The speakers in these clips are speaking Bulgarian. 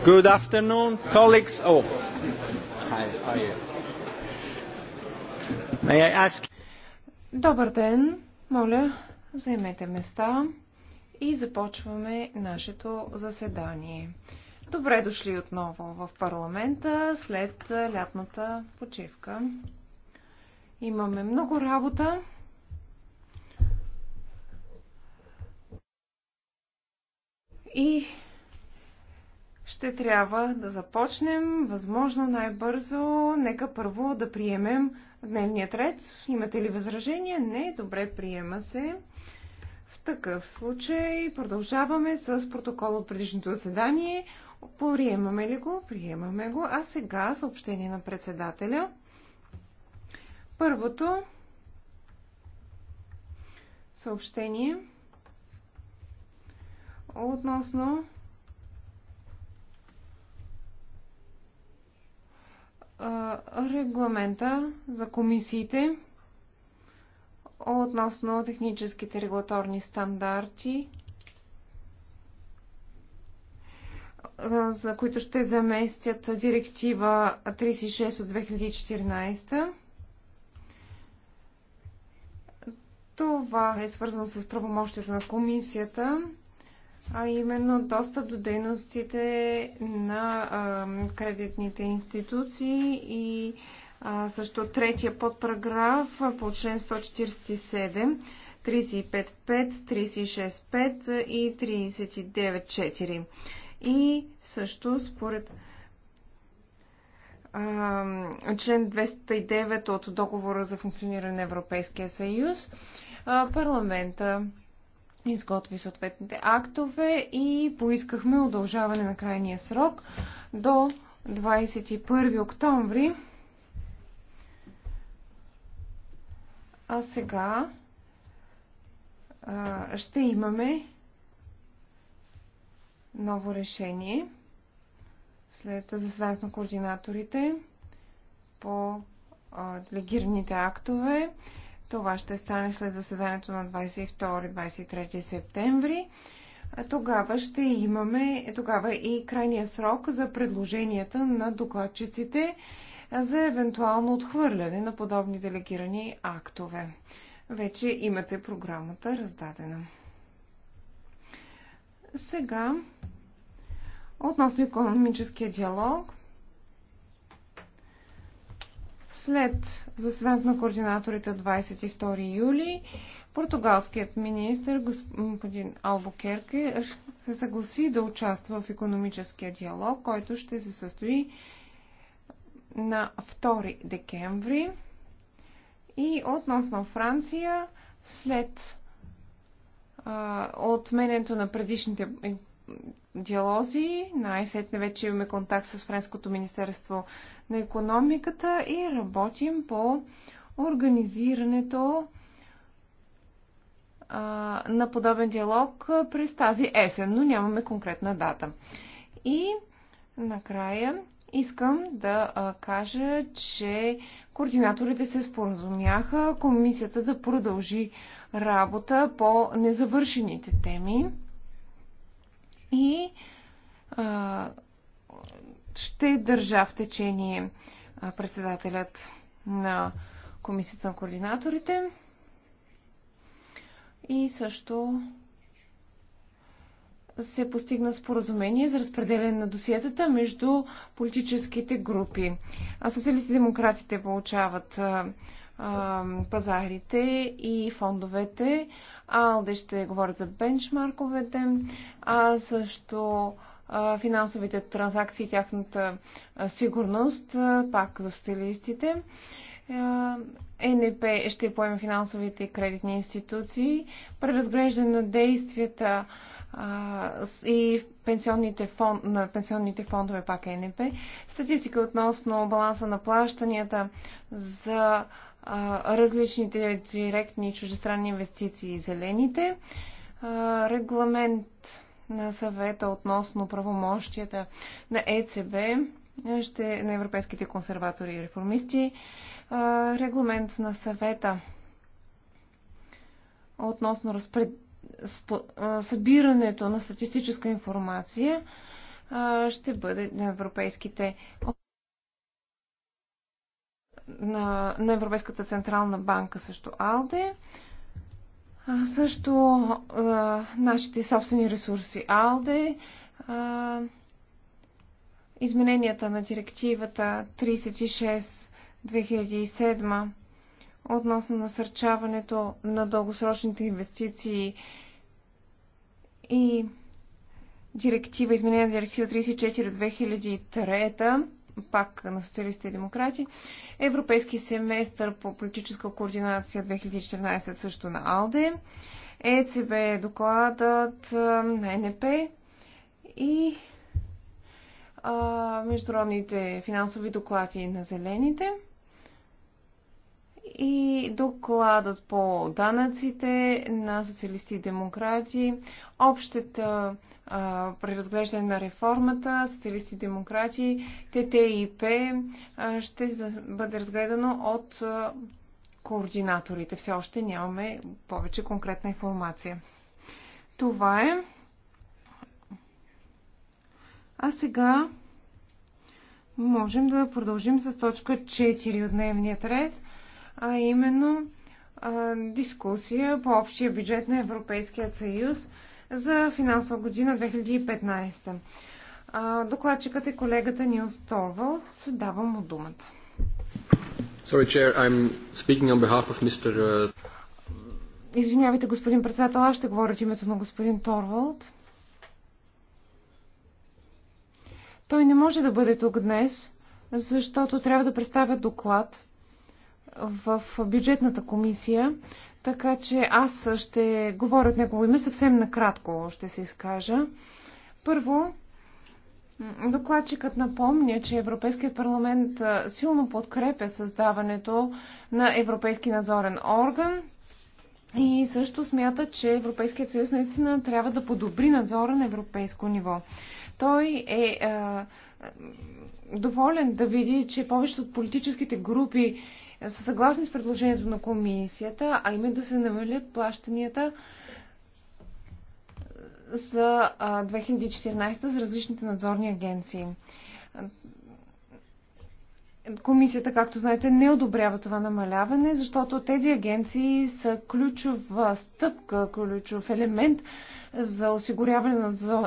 Good afternoon, colleagues. Oh, hi, hi. May I ask... Добър ден, моля, заемете места и започваме нашето заседание. Добре дошли отново в парламента след лятната почивка. Имаме много работа. И ще трябва да започнем възможно най-бързо. Нека първо да приемем дневният ред. Имате ли възражения? Не, добре, приема се. В такъв случай продължаваме с протокол от предишното заседание. Приемаме ли го? Приемаме го. А сега съобщение на председателя. Първото съобщение относно регламента за комисиите относно техническите регулаторни стандарти, за които ще заместят директива 36 от 2014. Това е свързано с правомощията на комисията а именно достъп до дейностите на а, кредитните институции и а, също третия подпараграф по член 147, 35.5, 36.5 и 39.4. И също според а, член 209 от договора за функциониране на Европейския съюз, парламента изготви съответните актове и поискахме удължаване на крайния срок до 21 октомври. А сега а, ще имаме ново решение след заседанието на координаторите по а, делегираните актове. Това ще стане след заседанието на 22-23 септември. Тогава ще имаме тогава е и крайния срок за предложенията на докладчиците за евентуално отхвърляне на подобни делегирани актове. Вече имате програмата раздадена. Сега, относно економическия диалог, след заседанието на координаторите от 22 юли, португалският министр господин Албукерке се съгласи да участва в економическия диалог, който ще се състои на 2 декември. И относно Франция, след а, отменето на предишните е, диалози, най-сетне вече имаме контакт с Френското министерство на економиката и работим по организирането а, на подобен диалог през тази есен, но нямаме конкретна дата. И накрая искам да а, кажа, че координаторите се споразумяха комисията да продължи работа по незавършените теми и а, ще държа в течение председателят на комисията на координаторите и също се постигна споразумение за разпределение на досиетата между политическите групи. А социалисти демократите получават а, а, пазарите и фондовете. Алде ще говорят за бенчмарковете, а също финансовите транзакции и тяхната сигурност, пак за социалистите. ЕНП ще поеме финансовите и кредитни институции, преразглеждане на действията и пенсионните фонд, на пенсионните фондове пак ЕНП, статистика относно баланса на плащанията за различните директни и чуждестранни инвестиции и зелените, регламент на съвета относно правомощията на ЕЦБ ще, на европейските консерватори и реформисти, регламент на съвета относно разпред... събирането на статистическа информация ще бъде на европейските на, на Европейската централна банка също АЛДЕ. А, също а, нашите собствени ресурси АЛДЕ, а, измененията на директивата 36-2007 относно насърчаването на дългосрочните инвестиции и директива, на директива 34-2003 пак на социалисти и демократи, Европейски семестър по политическа координация 2014 също на АЛДЕ, ЕЦБ е докладът на НП е и а, международните финансови доклади на зелените – и докладът по данъците на социалисти и демократи, общата преразглеждане на реформата, социалисти и демократи, ТТИП ще бъде разгледано от координаторите. Все още нямаме повече конкретна информация. Това е. А сега можем да продължим с точка 4 от дневният ред – а именно а, дискусия по общия бюджет на Европейския съюз за финансова година 2015. А, докладчикът е колегата Нилс Торвал. Давам му думата. Sorry, Chair, I'm speaking on behalf of Mr. Uh, Извинявайте, господин председател, аз ще говоря от името на господин Торвалд. Той не може да бъде тук днес, защото трябва да представя доклад в бюджетната комисия, така че аз ще говоря от негово име съвсем накратко ще се изкажа. Първо, Докладчикът напомня, че Европейският парламент силно подкрепя създаването на Европейски надзорен орган и също смята, че Европейският съюз наистина трябва да подобри надзора на европейско ниво. Той е, е доволен да види, че повечето от политическите групи са съгласни с предложението на комисията, а именно да се намалят плащанията за 2014 за различните надзорни агенции. Комисията, както знаете, не одобрява това намаляване, защото тези агенции са ключова стъпка, ключов елемент за осигуряване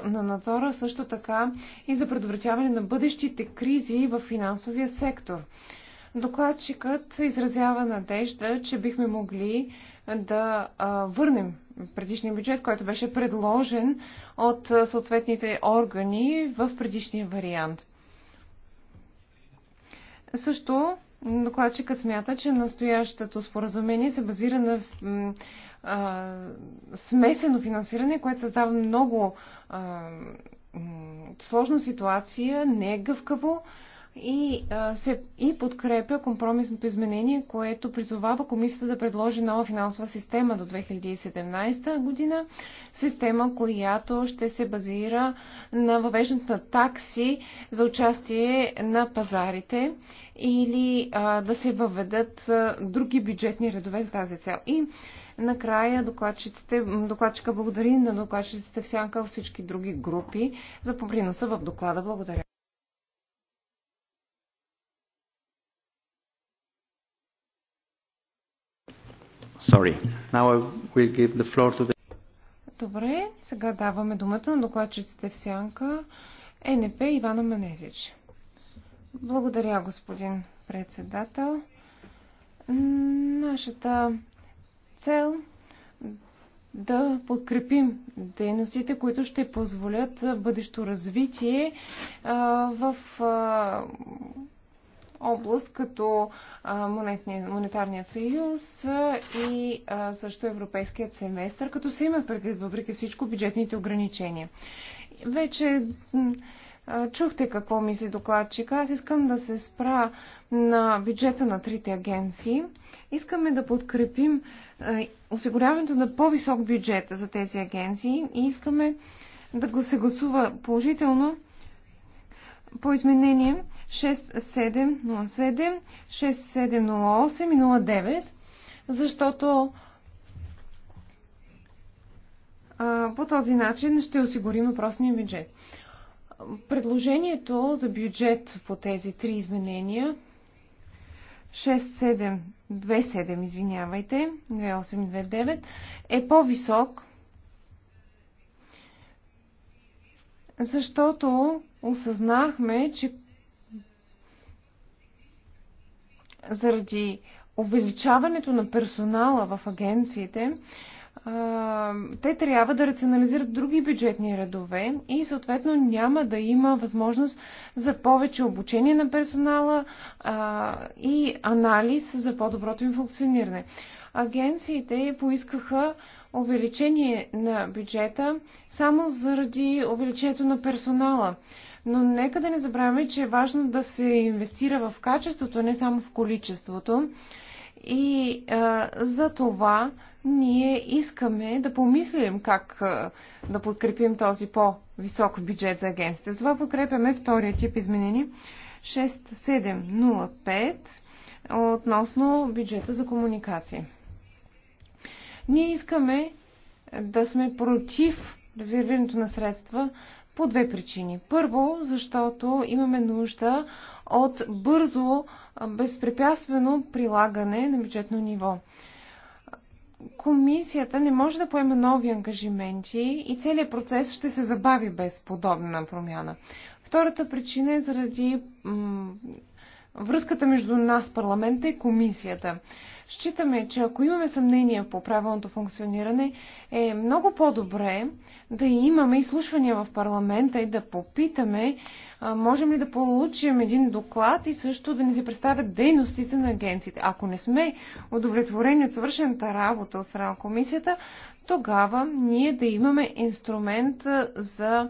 на надзора, също така и за предотвратяване на бъдещите кризи в финансовия сектор. Докладчикът изразява надежда, че бихме могли да върнем предишния бюджет, който беше предложен от съответните органи в предишния вариант. Също докладчикът смята, че настоящото споразумение се базира на а, смесено финансиране, което създава много а, сложна ситуация, не е гъвкаво, и, а, се, и подкрепя компромисното изменение, което призовава комисията да предложи нова финансова система до 2017 година. Система, която ще се базира на въвеждането на такси за участие на пазарите или а, да се въведат а, други бюджетни редове за тази цел. И Накрая докладчиците, докладчика благодари на докладчиците всяка всички други групи за поприноса в доклада. Благодаря. Sorry. Now I will give the floor to the... Добре, сега даваме думата на докладчиците в сянка ЕНП Ивана Менерич. Благодаря, господин председател. Нашата цел да подкрепим дейностите, които ще позволят бъдещо развитие а, в а, област, като монетарният съюз и също европейският семестър, като се имат предвид въпреки всичко бюджетните ограничения. Вече чухте какво мисли докладчика. Аз искам да се спра на бюджета на трите агенции. Искаме да подкрепим осигуряването на по-висок бюджет за тези агенции и искаме да се гласува положително по изменение 6707, 6708 и 09, защото а, по този начин ще осигурим въпросния бюджет. Предложението за бюджет по тези три изменения 6727, извинявайте, 2829 е по-висок, защото осъзнахме, че заради увеличаването на персонала в агенциите, те трябва да рационализират други бюджетни редове и съответно няма да има възможност за повече обучение на персонала и анализ за по-доброто им функциониране. Агенциите поискаха увеличение на бюджета само заради увеличението на персонала. Но нека да не забравяме, че е важно да се инвестира в качеството, не само в количеството. И а, за това ние искаме да помислим как а, да подкрепим този по-висок бюджет за агенците. С това подкрепяме втория тип изменени 6705 относно бюджета за комуникации. Ние искаме да сме против резервирането на средства по две причини. Първо, защото имаме нужда от бързо, безпрепятствено прилагане на бюджетно ниво. Комисията не може да поеме нови ангажименти и целият процес ще се забави без подобна промяна. Втората причина е заради връзката между нас, парламента и комисията. Считаме, че ако имаме съмнение по правилното функциониране, е много по-добре да имаме изслушвания в парламента и да попитаме, можем ли да получим един доклад и също да ни се представят дейностите на агенциите. Ако не сме удовлетворени от свършената работа от страна комисията, тогава ние да имаме инструмент за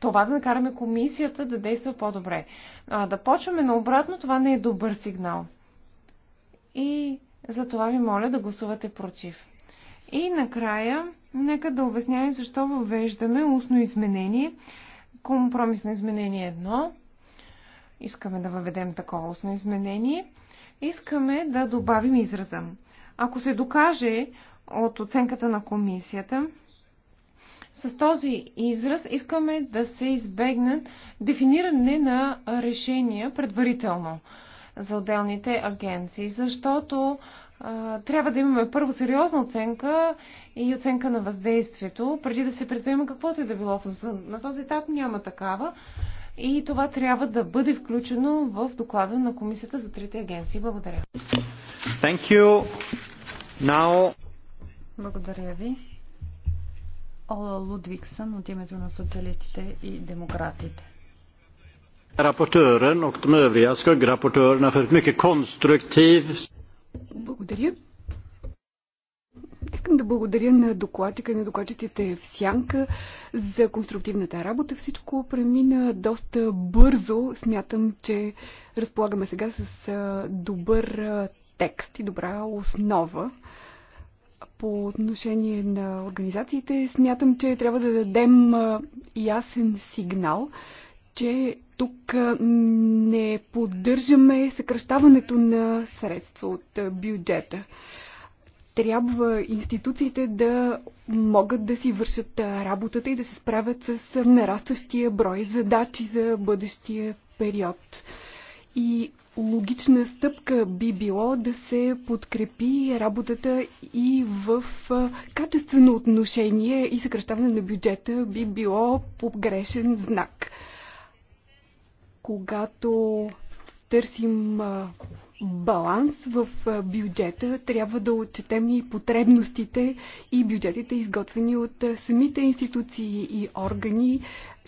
това да накараме комисията да действа по-добре. А да почваме наобратно, това не е добър сигнал и за това ви моля да гласувате против. И накрая, нека да обясня и защо въвеждаме устно изменение, компромисно изменение едно. Искаме да въведем такова устно изменение. Искаме да добавим израза. Ако се докаже от оценката на комисията, с този израз искаме да се избегнат дефиниране на решения предварително за отделните агенции, защото а, трябва да имаме първо сериозна оценка и оценка на въздействието, преди да се предприема каквото и е да било. На този етап няма такава и това трябва да бъде включено в доклада на Комисията за трите агенции. Благодаря. Thank you. Now... Благодаря ви. Ола Лудвиксън от името на социалистите и демократите. Рапортерен и de övriga skuggrapportörerna för ett mycket konstruktivt... Благодаря. Искам да благодаря на докладчика и на докладчиците в Сянка за конструктивната работа. Всичко премина доста бързо. Смятам, че разполагаме сега с добър текст и добра основа. По отношение на организациите, смятам, че трябва да дадем ясен сигнал, че тук не поддържаме съкръщаването на средства от бюджета. Трябва институциите да могат да си вършат работата и да се справят с нарастващия брой задачи за бъдещия период. И логична стъпка би било да се подкрепи работата и в качествено отношение и съкръщаване на бюджета би било погрешен знак когато търсим баланс в бюджета, трябва да отчетем и потребностите и бюджетите, изготвени от самите институции и органи,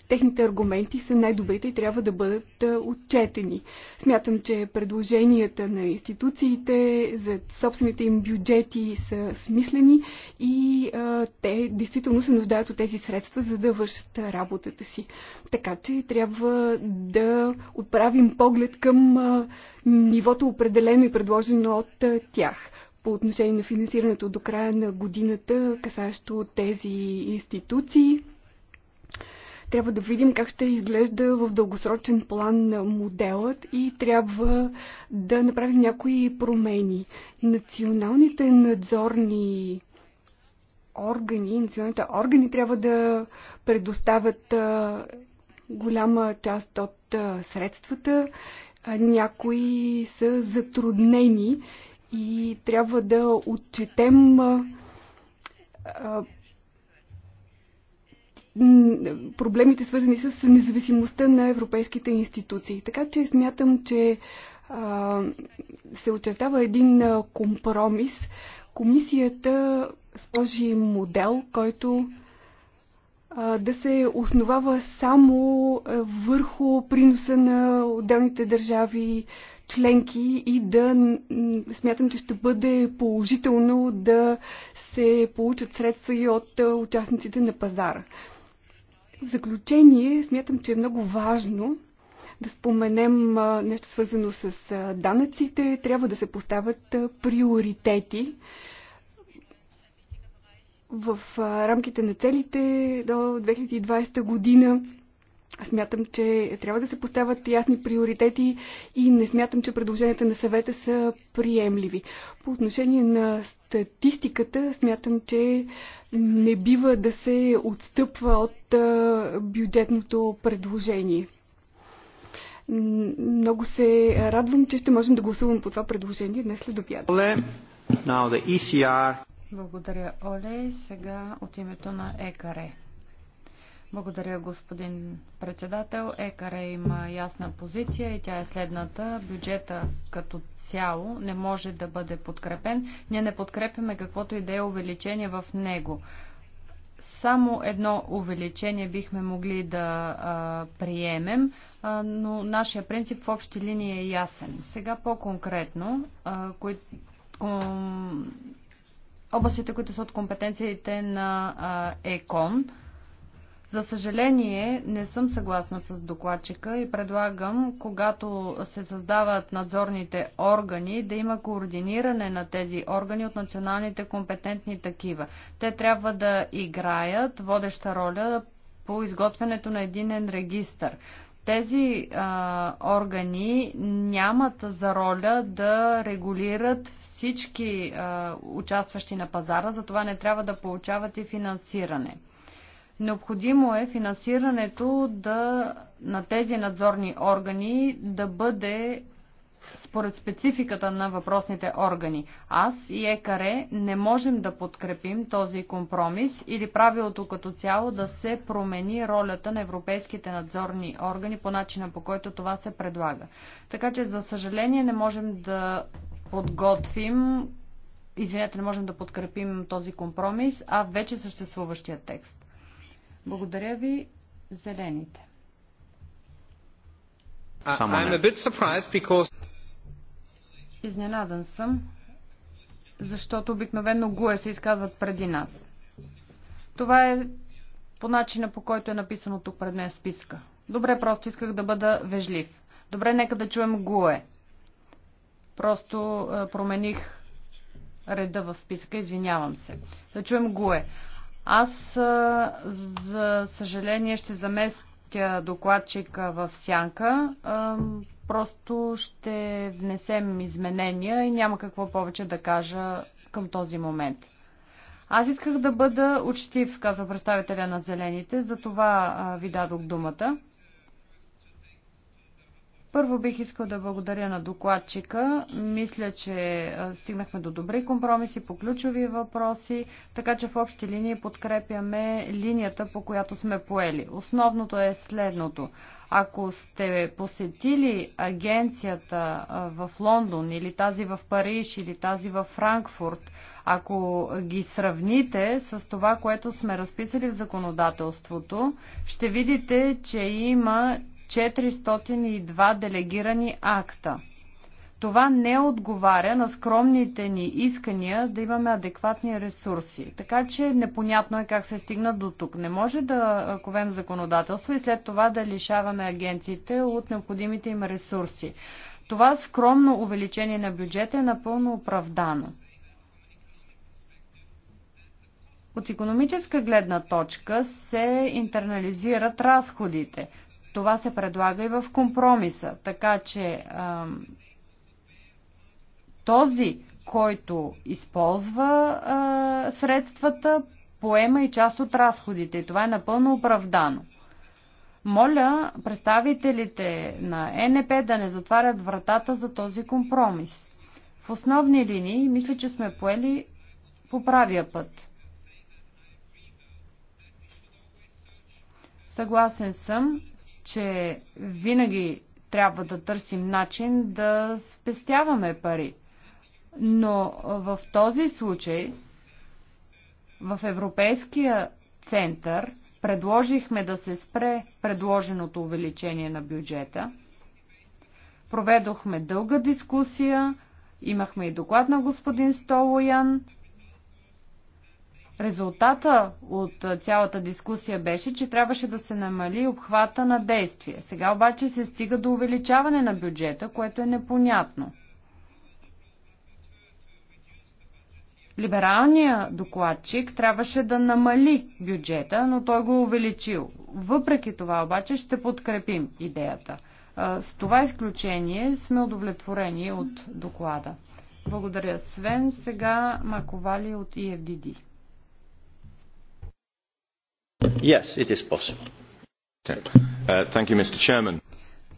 техните аргументи са най-добрите и трябва да бъдат отчетени. Смятам, че предложенията на институциите за собствените им бюджети са смислени и а, те действително се нуждаят от тези средства, за да вършат работата си. Така че трябва да отправим поглед към а, нивото определено и предложено от а, тях по отношение на финансирането до края на годината, касащо тези институции. Трябва да видим как ще изглежда в дългосрочен план моделът и трябва да направим някои промени. Националните надзорни органи, националните органи трябва да предоставят голяма част от средствата. Някои са затруднени и трябва да отчетем проблемите свързани с независимостта на европейските институции. Така че смятам, че се очертава един компромис. Комисията сложи модел, който да се основава само върху приноса на отделните държави членки и да смятам, че ще бъде положително да се получат средства и от участниците на пазара. В заключение, смятам, че е много важно да споменем нещо свързано с данъците. Трябва да се поставят приоритети в рамките на целите до 2020 година Смятам, че трябва да се поставят ясни приоритети и не смятам, че предложенията на съвета са приемливи. По отношение на статистиката, смятам, че не бива да се отстъпва от бюджетното предложение. Много се радвам, че ще можем да гласувам по това предложение днес след обяд. E Благодаря, Оле. Сега от името на ЕКАРЕ. Благодаря, господин председател. Екаре има ясна позиция и тя е следната. Бюджета като цяло не може да бъде подкрепен. Ние не подкрепяме каквото и да е увеличение в него. Само едно увеличение бихме могли да а, приемем, а, но нашия принцип в общи линии е ясен. Сега по-конкретно, кои, ком, областите, които са от компетенциите на а, ЕКОН, за съжаление, не съм съгласна с докладчика и предлагам, когато се създават надзорните органи, да има координиране на тези органи от националните компетентни такива. Те трябва да играят водеща роля по изготвянето на единен регистр тези а, органи нямат за роля да регулират всички а, участващи на пазара, затова не трябва да получават и финансиране. Необходимо е финансирането да, на тези надзорни органи да бъде според спецификата на въпросните органи. Аз и ЕКАРЕ не можем да подкрепим този компромис или правилото като цяло да се промени ролята на европейските надзорни органи по начина по който това се предлага. Така че, за съжаление, не можем да подготвим, извинете, не можем да подкрепим този компромис, а вече съществуващия текст. Благодаря ви, зелените. Because... Изненадан съм, защото обикновено ГУЕ се изказват преди нас. Това е по начина по който е написано тук пред мен списка. Добре, просто исках да бъда вежлив. Добре, нека да чуем ГУЕ. Просто е, промених реда в списка, извинявам се. Да чуем ГУЕ. Аз, за съжаление, ще заместя докладчика в сянка. Просто ще внесем изменения и няма какво повече да кажа към този момент. Аз исках да бъда учтив, казва представителя на Зелените, за това ви дадох думата. Първо бих искал да благодаря на докладчика. Мисля, че стигнахме до добри компромиси по ключови въпроси, така че в общи линии подкрепяме линията, по която сме поели. Основното е следното. Ако сте посетили агенцията в Лондон или тази в Париж или тази в Франкфурт, ако ги сравните с това, което сме разписали в законодателството, ще видите, че има 402 делегирани акта. Това не отговаря на скромните ни искания да имаме адекватни ресурси. Така че непонятно е как се стигна до тук. Не може да ковем законодателство и след това да лишаваме агенциите от необходимите им ресурси. Това скромно увеличение на бюджета е напълно оправдано. От економическа гледна точка се интернализират разходите. Това се предлага и в компромиса. Така че а, този, който използва а, средствата, поема и част от разходите. И това е напълно оправдано. Моля представителите на НП да не затварят вратата за този компромис. В основни линии мисля, че сме поели по правия път. Съгласен съм, че винаги трябва да търсим начин да спестяваме пари. Но в този случай в Европейския център предложихме да се спре предложеното увеличение на бюджета. Проведохме дълга дискусия, имахме и доклад на господин Столоян, Резултата от цялата дискусия беше, че трябваше да се намали обхвата на действие. Сега обаче се стига до увеличаване на бюджета, което е непонятно. Либералният докладчик трябваше да намали бюджета, но той го е увеличил. Въпреки това обаче ще подкрепим идеята. С това изключение сме удовлетворени от доклада. Благодаря Свен. Сега Маковали от EFDD. Yes, it is possible. Uh, thank you, Mr. Chairman.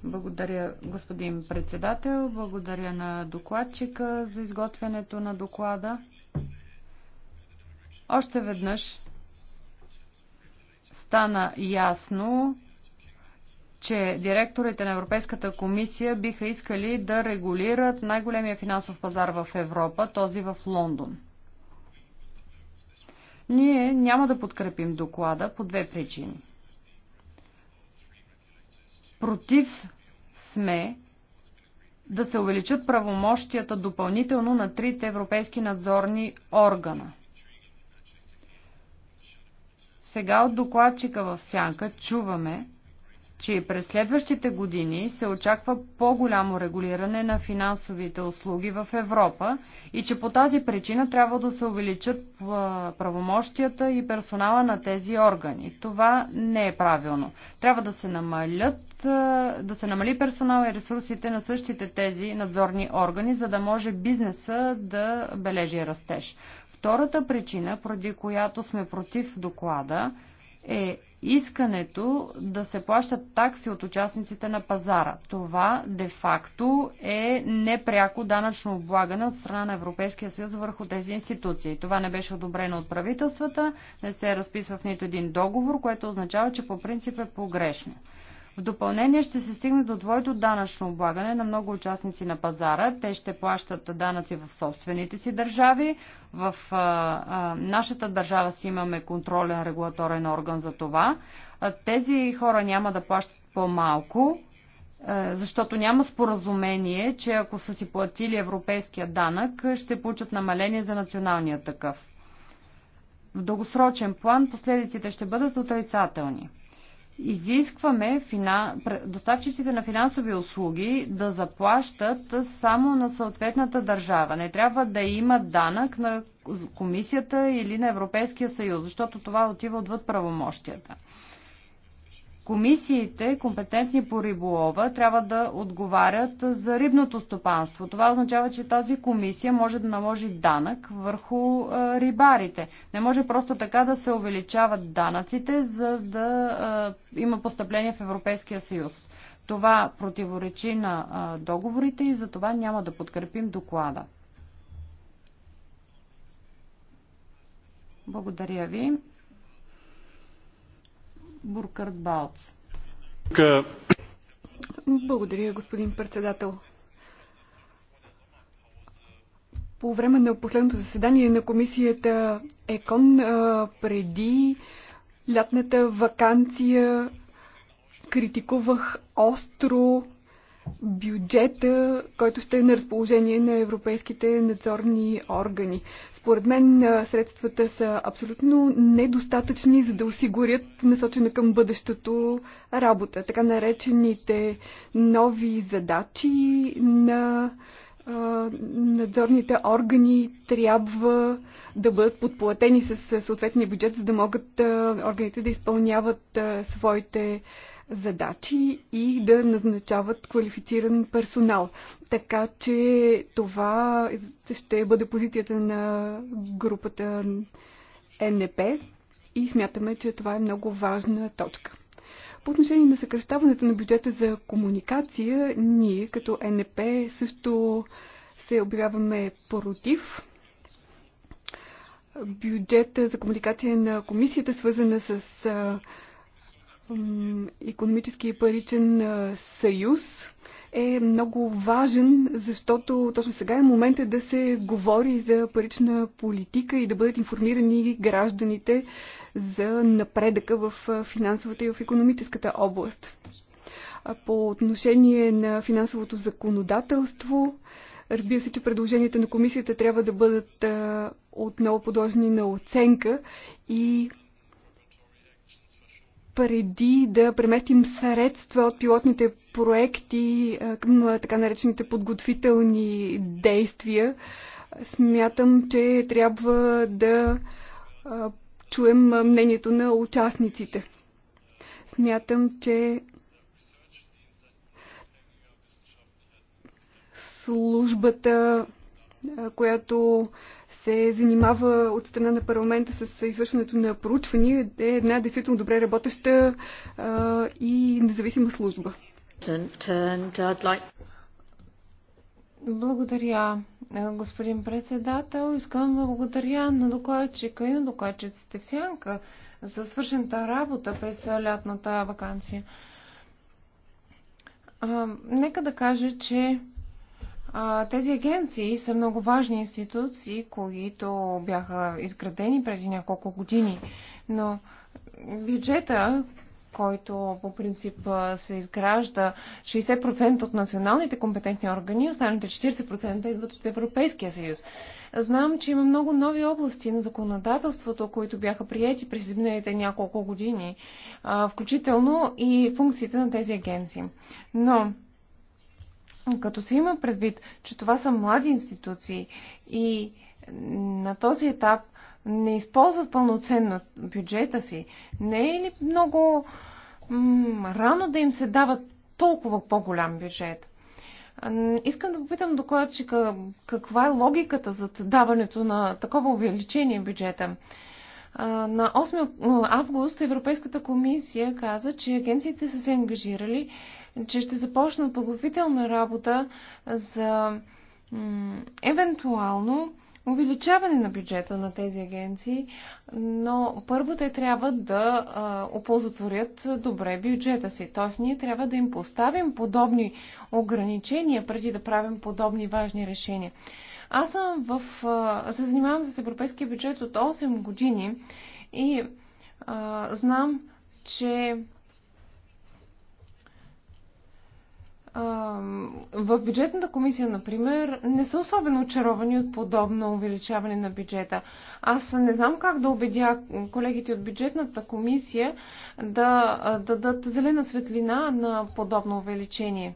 Благодаря, господин председател. Благодаря на докладчика за изготвянето на доклада. Още веднъж стана ясно, че директорите на Европейската комисия биха искали да регулират най-големия финансов пазар в Европа, този в Лондон. Ние няма да подкрепим доклада по две причини. Против сме да се увеличат правомощията допълнително на трите европейски надзорни органа. Сега от докладчика в сянка чуваме, че през следващите години се очаква по-голямо регулиране на финансовите услуги в Европа и че по тази причина трябва да се увеличат правомощията и персонала на тези органи. Това не е правилно. Трябва да се намалят да се намали персонала и ресурсите на същите тези надзорни органи, за да може бизнеса да бележи растеж. Втората причина, поради която сме против доклада, е искането да се плащат такси от участниците на пазара. Това де-факто е непряко данъчно облагане от страна на Европейския съюз върху тези институции. Това не беше одобрено от правителствата, не се разписва в нито един договор, което означава, че по принцип е погрешно. В допълнение ще се стигне до двойно данъчно облагане на много участници на пазара. Те ще плащат данъци в собствените си държави. В а, а, нашата държава си имаме контролен регулаторен орган за това. А, тези хора няма да плащат по-малко, защото няма споразумение, че ако са си платили европейския данък, ще получат намаление за националния такъв. В дългосрочен план последиците ще бъдат отрицателни изискваме финан... доставчиците на финансови услуги да заплащат само на съответната държава. Не трябва да има данък на комисията или на Европейския съюз, защото това отива отвъд правомощията. Комисиите, компетентни по риболова, трябва да отговарят за рибното стопанство. Това означава, че тази комисия може да наложи данък върху е, рибарите. Не може просто така да се увеличават данъците, за да е, има постъпление в Европейския съюз. Това противоречи на е, договорите и за това няма да подкрепим доклада. Благодаря ви. Буркарт Балц. Благодаря, господин председател. По време на последното заседание на комисията ЕКОН, преди лятната вакансия, критикувах остро бюджета, който ще е на разположение на европейските надзорни органи. Според мен средствата са абсолютно недостатъчни, за да осигурят насочена към бъдещето работа. Така наречените нови задачи на надзорните органи трябва да бъдат подплатени с съответния бюджет, за да могат органите да изпълняват своите задачи и да назначават квалифициран персонал. Така че това ще бъде позицията на групата НП и смятаме, че това е много важна точка. По отношение на съкръщаването на бюджета за комуникация, ние като НП също се обявяваме против бюджета за комуникация на комисията, свързана с економически и паричен съюз е много важен, защото точно сега е момента да се говори за парична политика и да бъдат информирани гражданите за напредъка в финансовата и в економическата област. По отношение на финансовото законодателство, Разбира се, че предложенията на комисията трябва да бъдат отново подложени на оценка и преди да преместим средства от пилотните проекти към така наречените подготвителни действия, смятам, че трябва да чуем мнението на участниците. Смятам, че службата която се занимава от страна на парламента с извършването на проучвания, е една действително добре работеща и независима служба. Благодаря, господин председател. Искам да благодаря на докладчика и на докладчиците в Сянка за свършената работа през лятната вакансия. А, нека да кажа, че тези агенции са много важни институции, които бяха изградени преди няколко години, но бюджета, който по принцип се изгражда 60% от националните компетентни органи, останалите 40% идват от Европейския съюз. Знам, че има много нови области на законодателството, които бяха приети през изминалите няколко години, включително и функциите на тези агенции. Но като се има предвид, че това са млади институции и на този етап не използват пълноценно бюджета си, не е ли много рано да им се дава толкова по-голям бюджет? Искам да попитам докладчика каква е логиката за даването на такова увеличение бюджета. На 8 август Европейската комисия каза, че агенциите са се ангажирали че ще започнат подготвителна работа за евентуално увеличаване на бюджета на тези агенции, но първо те трябва да а, оползотворят добре бюджета си. Т.е. ние трябва да им поставим подобни ограничения, преди да правим подобни важни решения. Аз съм в... А, се занимавам с европейския бюджет от 8 години и а, знам, че в бюджетната комисия, например, не са особено очаровани от подобно увеличаване на бюджета. Аз не знам как да убедя колегите от бюджетната комисия да, дадат зелена светлина на подобно увеличение.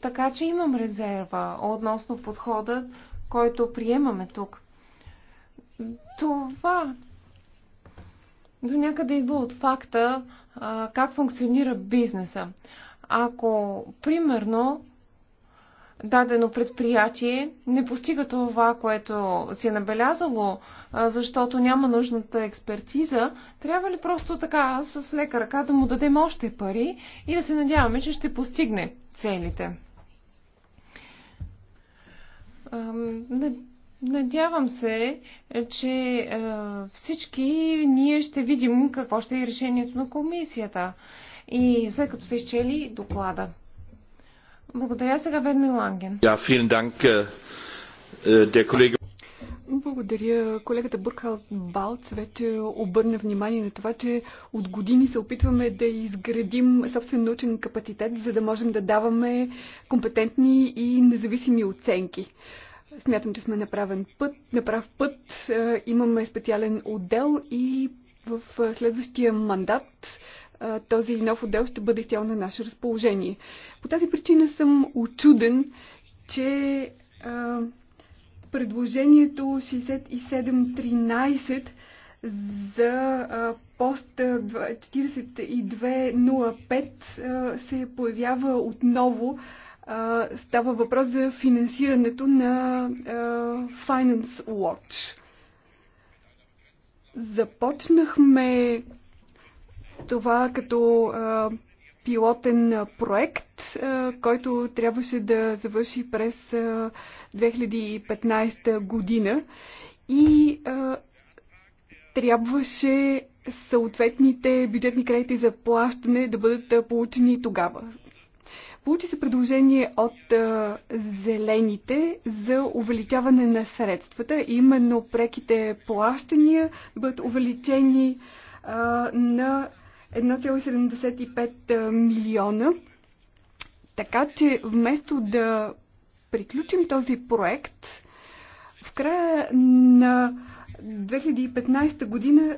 Така че имам резерва относно подходът, който приемаме тук. Това до някъде идва от факта а, как функционира бизнеса ако примерно дадено предприятие не постига това, което си е набелязало, защото няма нужната експертиза, трябва ли просто така с лека ръка да му дадем още пари и да се надяваме, че ще постигне целите? Надявам се, че всички ние ще видим какво ще е решението на комисията и след като се изчели доклада. Благодаря сега Ведмин Ланген. Да, филин данк, колега. Благодаря. Колегата Бурхал Балц вече обърна внимание на това, че от години се опитваме да изградим собствен научен капацитет, за да можем да даваме компетентни и независими оценки. Смятам, че сме направен път, направ път. Е, имаме специален отдел и в е, следващия мандат този нов отдел ще бъде изцяло на наше разположение. По тази причина съм очуден, че предложението 6713 за пост 4205 се появява отново. става въпрос за финансирането на Finance Watch. Започнахме това като пилотен проект, който трябваше да завърши през 2015 година и трябваше съответните бюджетни кредити за плащане да бъдат получени тогава. Получи се предложение от а, зелените за увеличаване на средствата. Именно преките плащания бъдат увеличени а, на 1,75 милиона. Така че вместо да приключим този проект, в края на 2015 година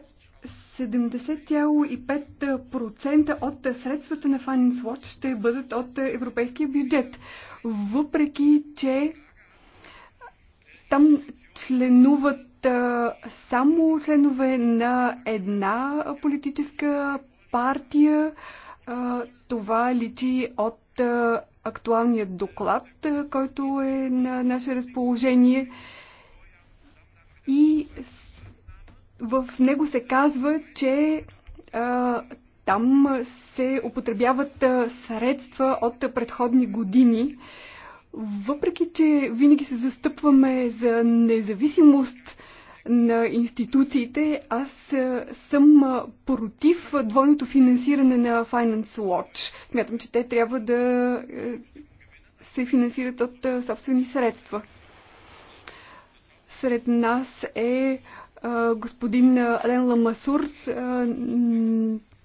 70,5% от средствата на Finance Watch ще бъдат от европейския бюджет. Въпреки, че там членуват само членове на една политическа партия. Това личи от актуалният доклад, който е на наше разположение. И в него се казва, че а, там се употребяват а, средства от предходни години. Въпреки, че винаги се застъпваме за независимост на институциите. Аз е, съм е, против двойното финансиране на Finance Watch. Смятам, че те трябва да е, се финансират от собствени средства. Сред нас е господин Ален Ламасур,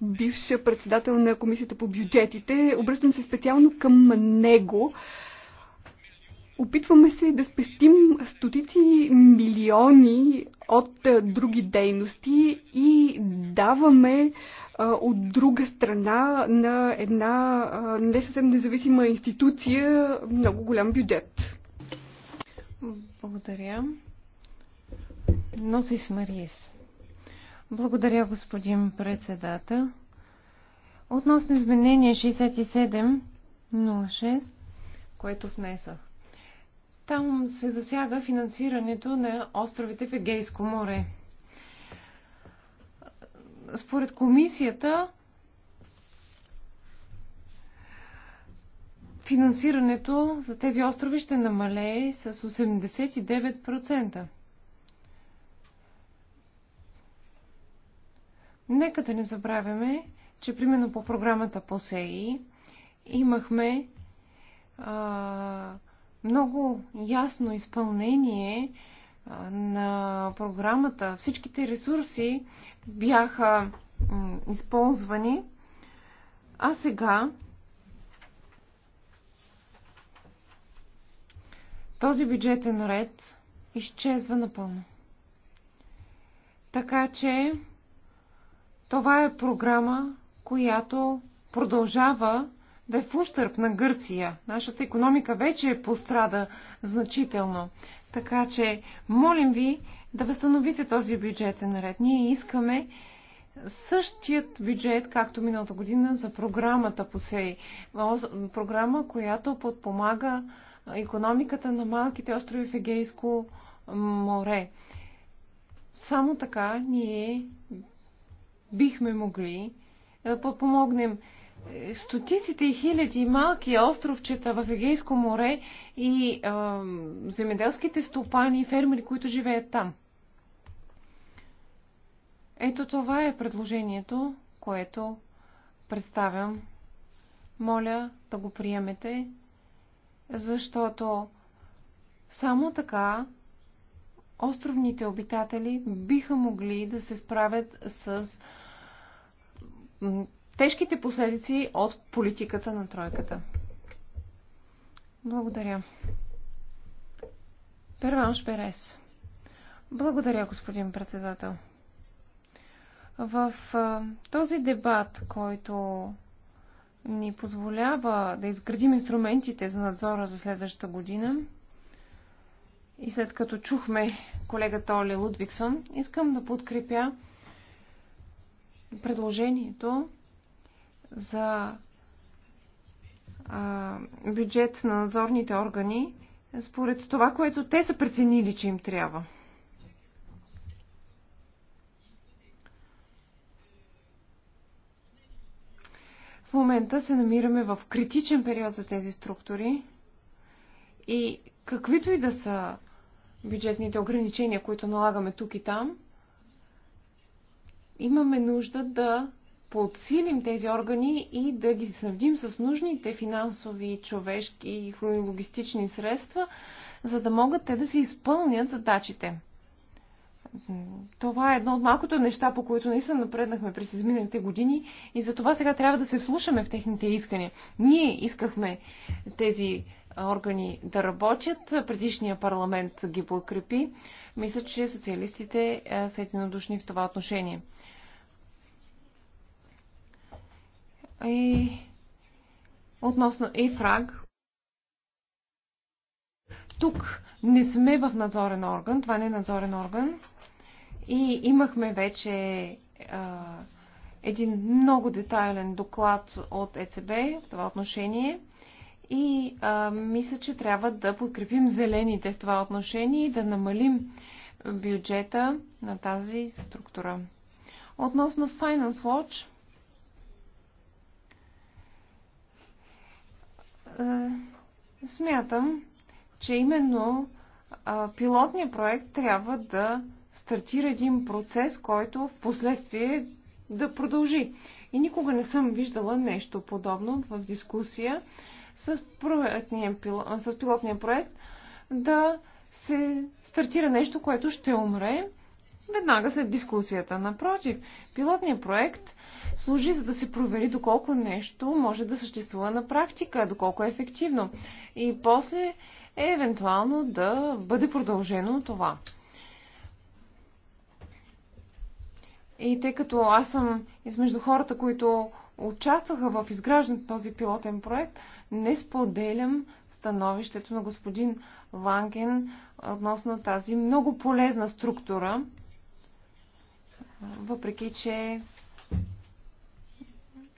бивша председател на Комисията по бюджетите. Обръщам се специално към него. Опитваме се да спестим стотици милиони от други дейности и даваме от друга страна на една не съвсем независима институция много голям бюджет. Благодаря. Нотис Мариес. Благодаря, господин председател. Относно изменение 6706, което внесах. Там се засяга финансирането на островите в Егейско море. Според комисията, финансирането за тези острови ще намалее с 89%. Нека да не забравяме, че примерно по програмата ПОСЕИ имахме а, много ясно изпълнение на програмата. Всичките ресурси бяха използвани, а сега този бюджетен ред изчезва напълно. Така че това е програма, която продължава да е в ущърп на Гърция. Нашата економика вече е пострада значително. Така че, молим ви да възстановите този бюджетен ред. Ние искаме същият бюджет, както миналата година, за програмата по СЕЙ. Програма, която подпомага економиката на малките острови в Егейско море. Само така ние бихме могли да подпомогнем стотиците и хиляди малки островчета в Егейско море и а, земеделските стопани и фермери, които живеят там. Ето това е предложението, което представям. Моля да го приемете, защото само така островните обитатели биха могли да се справят с тежките последици от политиката на тройката. Благодаря. Перванш Берес. Благодаря, господин председател. В този дебат, който ни позволява да изградим инструментите за надзора за следващата година, и след като чухме колегата Оли Лудвиксон, искам да подкрепя предложението за а, бюджет на надзорните органи според това, което те са преценили, че им трябва. В момента се намираме в критичен период за тези структури и каквито и да са бюджетните ограничения, които налагаме тук и там, имаме нужда да подсилим тези органи и да ги снабдим с нужните финансови, човешки и логистични средства, за да могат те да се изпълнят задачите. Това е едно от малкото неща, по които наистина напреднахме през изминалите години и за това сега трябва да се вслушаме в техните искания. Ние искахме тези органи да работят, предишния парламент ги подкрепи. Мисля, че социалистите са единодушни в това отношение. и относно ЕФРАГ. Тук не сме в надзорен орган, това не е надзорен орган. И имахме вече а, един много детайлен доклад от ЕЦБ в това отношение. И а, мисля, че трябва да подкрепим зелените в това отношение и да намалим бюджета на тази структура. Относно Finance Watch, Е, смятам, че именно пилотният проект трябва да стартира един процес, който в последствие да продължи. И никога не съм виждала нещо подобно в дискусия с, проектния, с пилотния проект да се стартира нещо, което ще умре веднага след дискусията. Напротив, пилотният проект служи за да се провери доколко нещо може да съществува на практика, доколко е ефективно. И после е евентуално да бъде продължено това. И тъй като аз съм измежду хората, които участваха в изграждането този пилотен проект, не споделям становището на господин Ланген относно тази много полезна структура, въпреки, че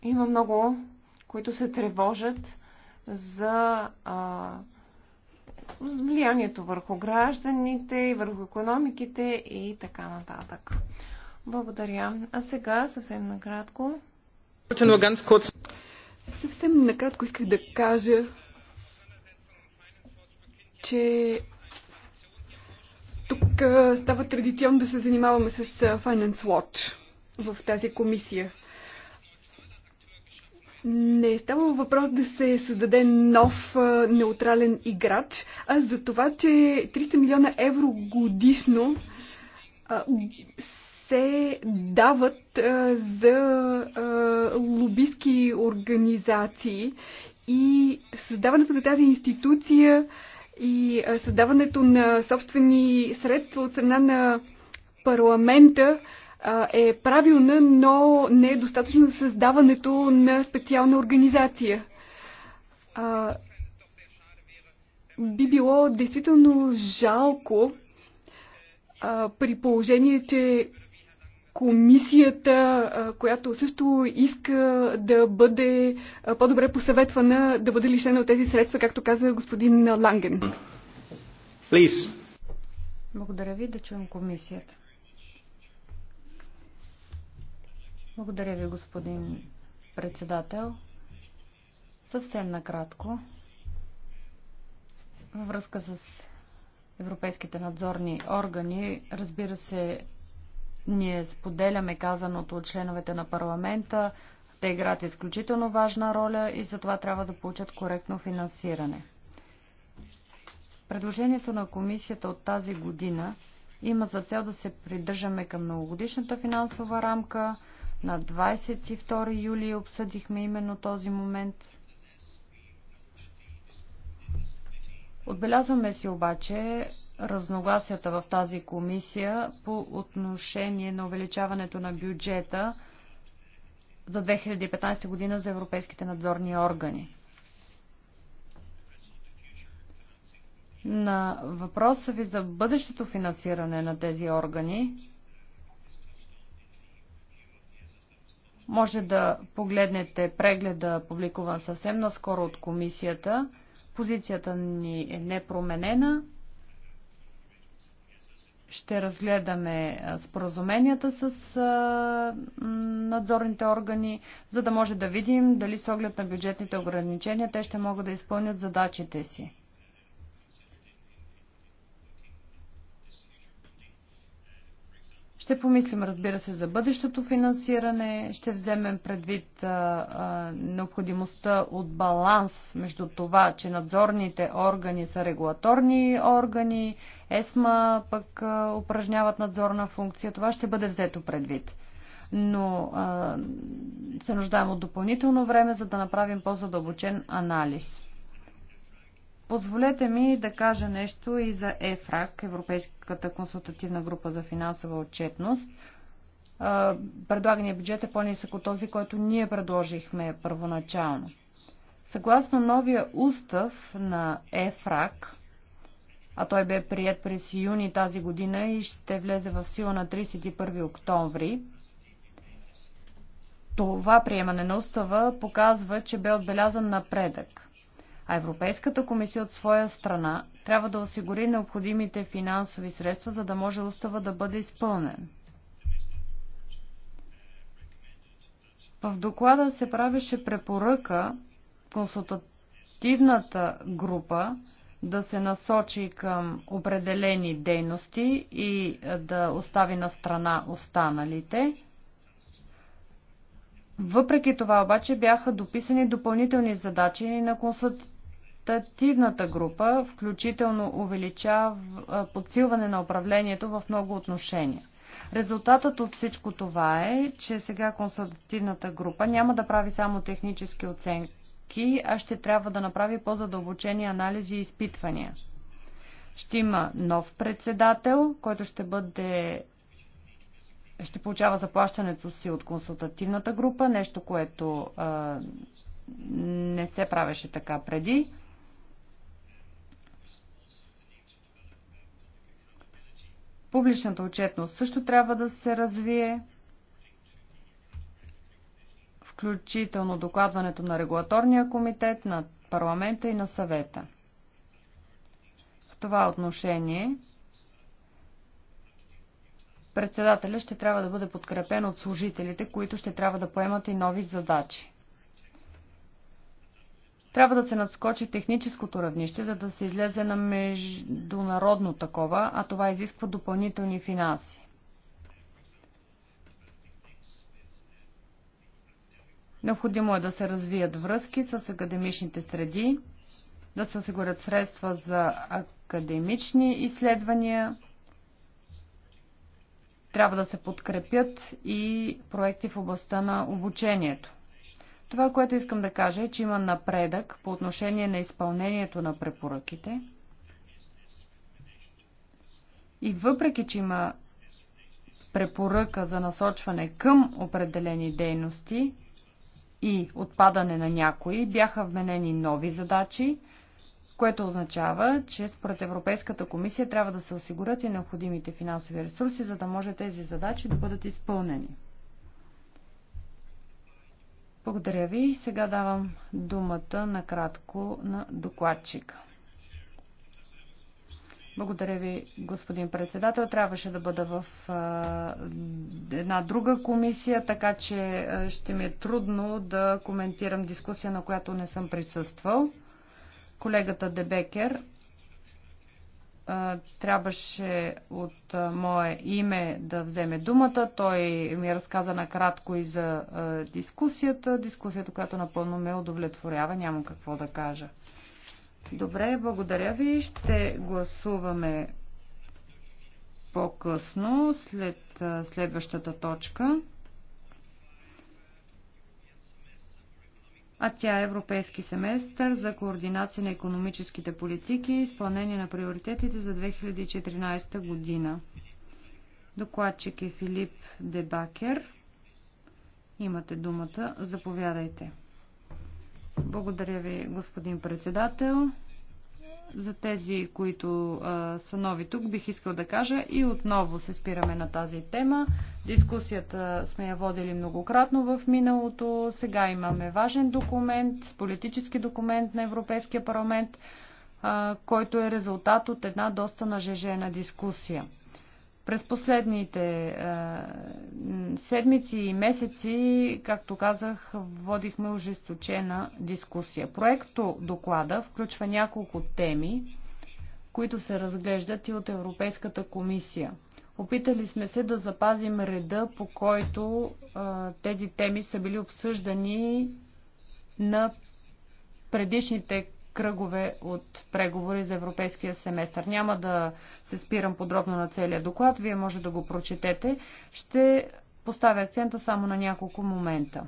има много, които се тревожат за а, влиянието върху гражданите и върху економиките и така нататък. Благодаря. А сега съвсем накратко. Съвсем накратко исках да кажа, че става традиционно да се занимаваме с Finance Watch в тази комисия. Не е въпрос да се създаде нов а, неутрален играч, а за това, че 300 милиона евро годишно а, се дават а, за а, лобистки организации и създаването на тази институция а, и създаването на собствени средства от страна на парламента е правилна, но не е достатъчно за създаването на специална организация. Би било действително жалко при положение, че комисията, която също иска да бъде по-добре посъветвана да бъде лишена от тези средства, както каза господин Ланген. Please. Благодаря ви да чуем комисията. Благодаря ви, господин председател. Съвсем накратко, във връзка с европейските надзорни органи, разбира се, ние споделяме казаното от членовете на парламента. Те играят изключително важна роля и затова трябва да получат коректно финансиране. Предложението на комисията от тази година има за цел да се придържаме към многогодишната финансова рамка. На 22 юли обсъдихме именно този момент – Отбелязваме си обаче разногласията в тази комисия по отношение на увеличаването на бюджета за 2015 година за европейските надзорни органи. На въпроса ви за бъдещето финансиране на тези органи, може да погледнете прегледа, публикуван съвсем наскоро от комисията – Позицията ни е непроменена. Ще разгледаме споразуменията с надзорните органи, за да може да видим дали с оглед на бюджетните ограничения те ще могат да изпълнят задачите си. Ще помислим, разбира се, за бъдещото финансиране, ще вземем предвид а, а, необходимостта от баланс между това, че надзорните органи са регулаторни органи, ЕСМА пък а, упражняват надзорна функция. Това ще бъде взето предвид. Но а, се нуждаем от допълнително време, за да направим по-задълбочен анализ. Позволете ми да кажа нещо и за ЕФРАК, Европейската консултативна група за финансова отчетност. Предлагания бюджет е по-нисък от този, който ние предложихме първоначално. Съгласно новия устав на ЕФРАК, а той бе прият през юни тази година и ще влезе в сила на 31 октомври, това приемане на устава показва, че бе отбелязан напредък а Европейската комисия от своя страна трябва да осигури необходимите финансови средства, за да може устава да бъде изпълнен. В доклада се правеше препоръка консултативната група да се насочи към определени дейности и да остави на страна останалите. Въпреки това обаче бяха дописани допълнителни задачи на консултативната консултативната група, включително увеличава подсилване на управлението в много отношения. Резултатът от всичко това е, че сега консултативната група няма да прави само технически оценки, а ще трябва да направи по-задълбочени анализи и изпитвания. Ще има нов председател, който ще бъде ще получава заплащането си от консултативната група, нещо, което а, не се правеше така преди. Публичната отчетност също трябва да се развие, включително докладването на регулаторния комитет, на парламента и на съвета. В това отношение председателя ще трябва да бъде подкрепен от служителите, които ще трябва да поемат и нови задачи. Трябва да се надскочи техническото равнище, за да се излезе на международно такова, а това изисква допълнителни финанси. Необходимо е да се развият връзки с академичните среди, да се осигурят средства за академични изследвания, трябва да се подкрепят и проекти в областта на обучението. Това, което искам да кажа е, че има напредък по отношение на изпълнението на препоръките. И въпреки, че има препоръка за насочване към определени дейности и отпадане на някои, бяха вменени нови задачи, което означава, че според Европейската комисия трябва да се осигурят и необходимите финансови ресурси, за да може тези задачи да бъдат изпълнени. Благодаря ви. Сега давам думата накратко на докладчика. Благодаря ви, господин председател. Трябваше да бъда в а, една друга комисия, така че ще ми е трудно да коментирам дискусия, на която не съм присъствал. Колегата Дебекер трябваше от мое име да вземе думата. Той ми разказа накратко и за дискусията. Дискусията, която напълно ме удовлетворява. Нямам какво да кажа. Добре, благодаря ви. Ще гласуваме по-късно, след следващата точка. а тя е Европейски семестър за координация на економическите политики и изпълнение на приоритетите за 2014 година. Докладчик е Филип Дебакер. Имате думата. Заповядайте. Благодаря ви, господин председател за тези, които а, са нови тук, бих искал да кажа и отново се спираме на тази тема. Дискусията сме я водили многократно в миналото. Сега имаме важен документ, политически документ на Европейския парламент, а, който е резултат от една доста нажежена дискусия. През последните е, седмици и месеци, както казах, водихме ожесточена дискусия. Проекто доклада включва няколко теми, които се разглеждат и от Европейската комисия. Опитали сме се да запазим реда, по който е, тези теми са били обсъждани на предишните кръгове от преговори за европейския семестър. Няма да се спирам подробно на целия доклад, вие може да го прочетете. Ще поставя акцента само на няколко момента.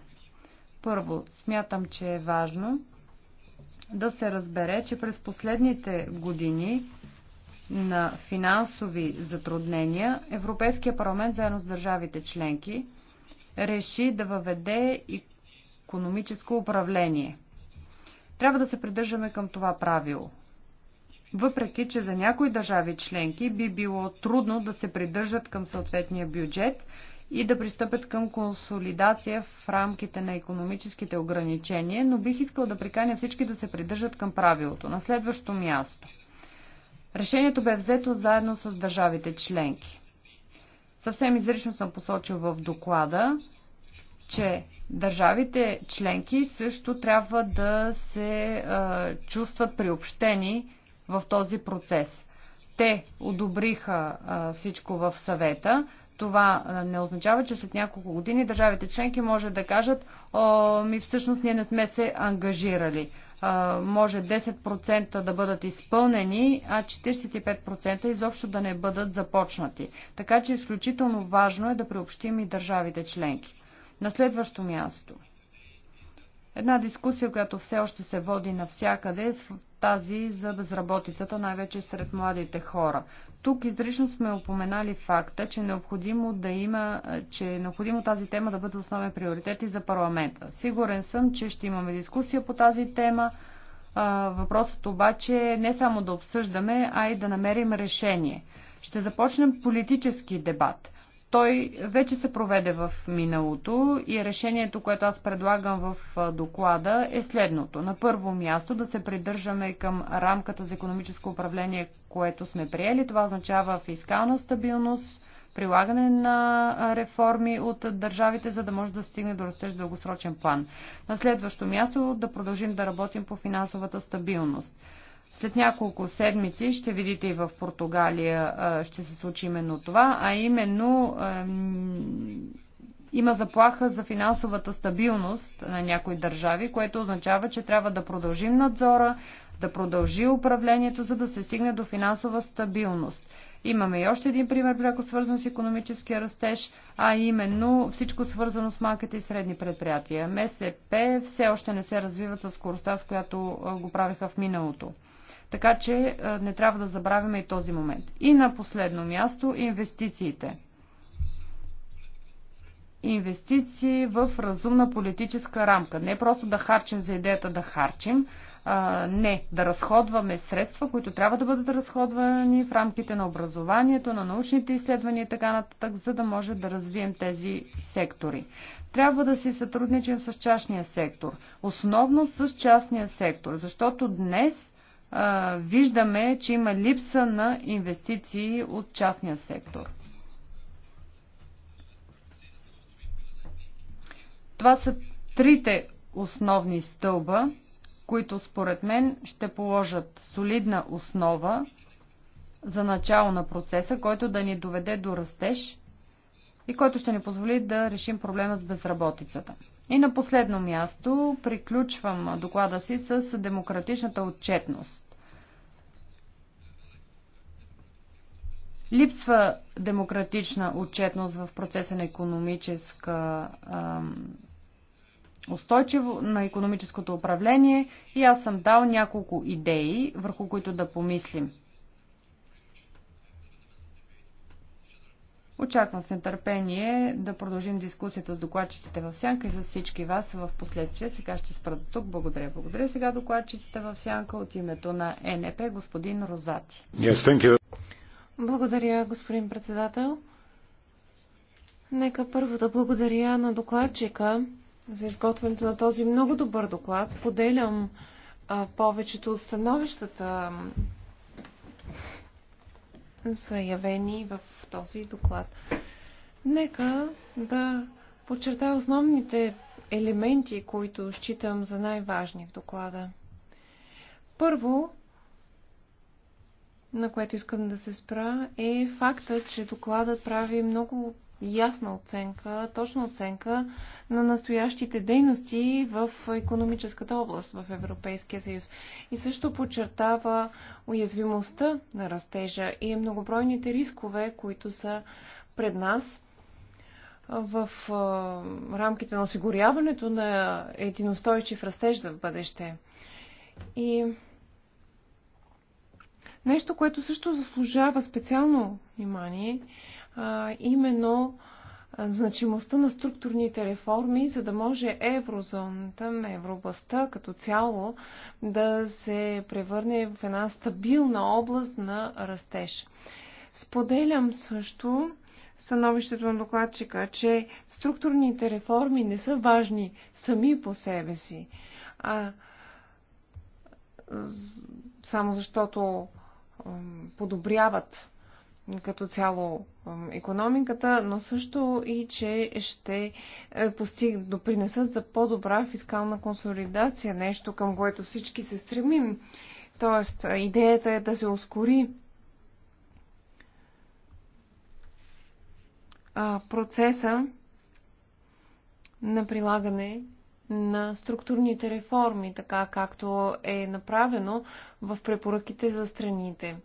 Първо, смятам, че е важно да се разбере, че през последните години на финансови затруднения Европейския парламент заедно с държавите членки реши да въведе и економическо управление – трябва да се придържаме към това правило. Въпреки, че за някои държави членки би било трудно да се придържат към съответния бюджет и да пристъпят към консолидация в рамките на економическите ограничения, но бих искал да приканя всички да се придържат към правилото. На следващо място. Решението бе взето заедно с държавите членки. Съвсем изрично съм посочил в доклада, че държавите членки също трябва да се а, чувстват приобщени в този процес. Те одобриха а, всичко в съвета. Това не означава, че след няколко години държавите членки може да кажат, О, ми всъщност ние не сме се ангажирали. А, може 10% да бъдат изпълнени, а 45% изобщо да не бъдат започнати. Така че изключително важно е да приобщим и държавите членки. На следващо място. Една дискусия, която все още се води навсякъде, е тази за безработицата, най-вече сред младите хора. Тук изрично сме упоменали факта, че е необходимо да има, че е необходимо тази тема да бъде основен приоритет и за парламента. Сигурен съм, че ще имаме дискусия по тази тема. Въпросът обаче е не само да обсъждаме, а и да намерим решение. Ще започнем политически дебат – той вече се проведе в миналото и решението, което аз предлагам в доклада е следното. На първо място да се придържаме към рамката за економическо управление, което сме приели. Това означава фискална стабилност, прилагане на реформи от държавите, за да може да стигне до растеж дългосрочен план. На следващо място да продължим да работим по финансовата стабилност. След няколко седмици ще видите и в Португалия ще се случи именно това, а именно има заплаха за финансовата стабилност на някои държави, което означава, че трябва да продължим надзора, да продължи управлението, за да се стигне до финансова стабилност. Имаме и още един пример, пряко свързан с економическия растеж, а именно всичко свързано с малките и средни предприятия. МСП все още не се развиват с скоростта, с която го правиха в миналото. Така че е, не трябва да забравяме и този момент. И на последно място инвестициите. Инвестиции в разумна политическа рамка. Не просто да харчим за идеята да харчим, а, не, да разходваме средства, които трябва да бъдат разходвани в рамките на образованието, на научните изследвания и така нататък, за да може да развием тези сектори. Трябва да си сътрудничим с частния сектор, основно с частния сектор, защото днес виждаме, че има липса на инвестиции от частния сектор. Това са трите основни стълба, които според мен ще положат солидна основа за начало на процеса, който да ни доведе до растеж и който ще ни позволи да решим проблема с безработицата. И на последно място приключвам доклада си с демократичната отчетност. Липсва демократична отчетност в процеса на економическа устойчиво на економическото управление и аз съм дал няколко идеи, върху които да помислим. Очаквам с нетърпение да продължим дискусията с докладчиците в Сянка и с всички вас в последствие. Сега ще спра до тук. Благодаря. Благодаря сега докладчиците в Сянка от името на НП, господин Розати. Yes, thank you. Благодаря, господин председател. Нека първо да благодаря на докладчика за изготвянето на този много добър доклад. Споделям а, повечето от становищата заявени в този доклад. Нека да подчертая основните елементи, които считам за най-важни в доклада. Първо, на което искам да се спра, е факта, че докладът прави много ясна оценка, точна оценка на настоящите дейности в економическата област в Европейския съюз. И също подчертава уязвимостта на растежа и многобройните рискове, които са пред нас в рамките на осигуряването на един устойчив растеж за бъдеще. И нещо, което също заслужава специално внимание, именно значимостта на структурните реформи, за да може еврозоната, евробластта като цяло да се превърне в една стабилна област на растеж. Споделям също становището на докладчика, че структурните реформи не са важни сами по себе си, а само защото подобряват като цяло економиката, но също и, че ще е, постиг, допринесат за по-добра фискална консолидация, нещо към което всички се стремим. Тоест, идеята е да се ускори процеса на прилагане на структурните реформи, така както е направено в препоръките за страните.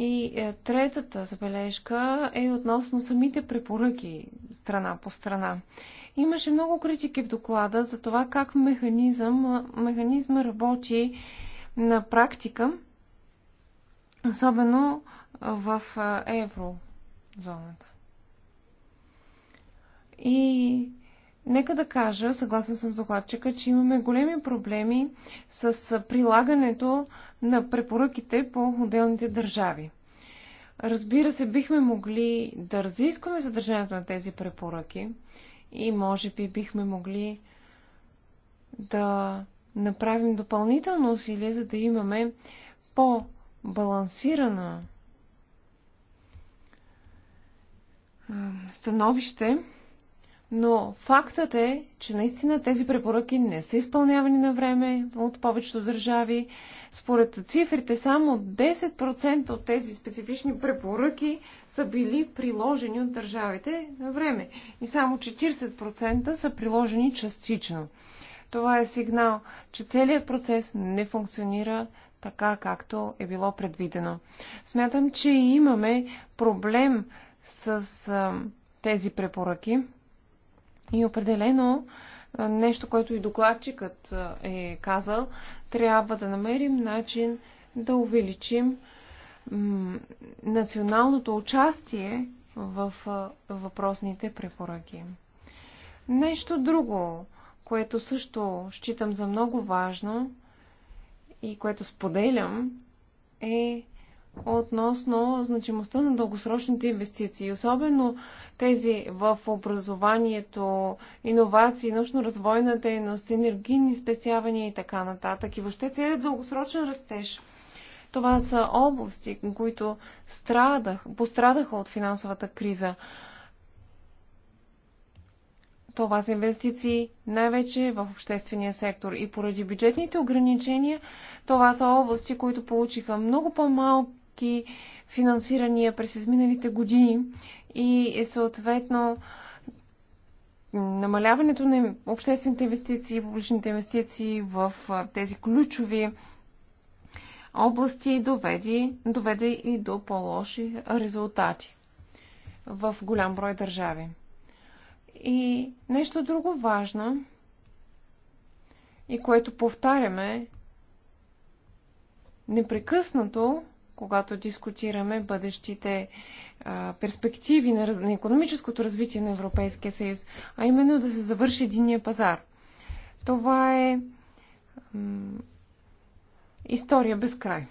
И е, третата забележка е относно самите препоръки страна по страна. Имаше много критики в доклада за това как механизъм, е, механизма работи на практика, особено в е, еврозоната. И нека да кажа, съгласен съм с докладчика, че имаме големи проблеми с прилагането на препоръките по отделните държави. Разбира се, бихме могли да разискваме съдържанието на тези препоръки и може би бихме могли да направим допълнително усилие, за да имаме по балансирано становище но фактът е, че наистина тези препоръки не са изпълнявани на време от повечето държави. Според цифрите, само 10% от тези специфични препоръки са били приложени от държавите на време и само 40% са приложени частично. Това е сигнал, че целият процес не функционира така, както е било предвидено. Смятам, че имаме проблем с тези препоръки. И определено нещо, което и докладчикът е казал, трябва да намерим начин да увеличим националното участие в въпросните препоръки. Нещо друго, което също считам за много важно и което споделям, е относно значимостта на дългосрочните инвестиции, особено тези в образованието, иновации, научно-развойна дейност, енергийни спестявания и така нататък. И въобще целият дългосрочен растеж. Това са области, които страдах, пострадаха от финансовата криза. Това са инвестиции най-вече в обществения сектор. И поради бюджетните ограничения, това са области, които получиха много по-малко всички финансирания през изминалите години и е съответно намаляването на обществените инвестиции и публичните инвестиции в тези ключови области доведе, доведе и до по-лоши резултати в голям брой държави. И нещо друго важно и което повтаряме непрекъснато когато дискутираме бъдещите а, перспективи на, на економическото развитие на Европейския съюз, а именно да се завърши единния пазар. Това е история без край.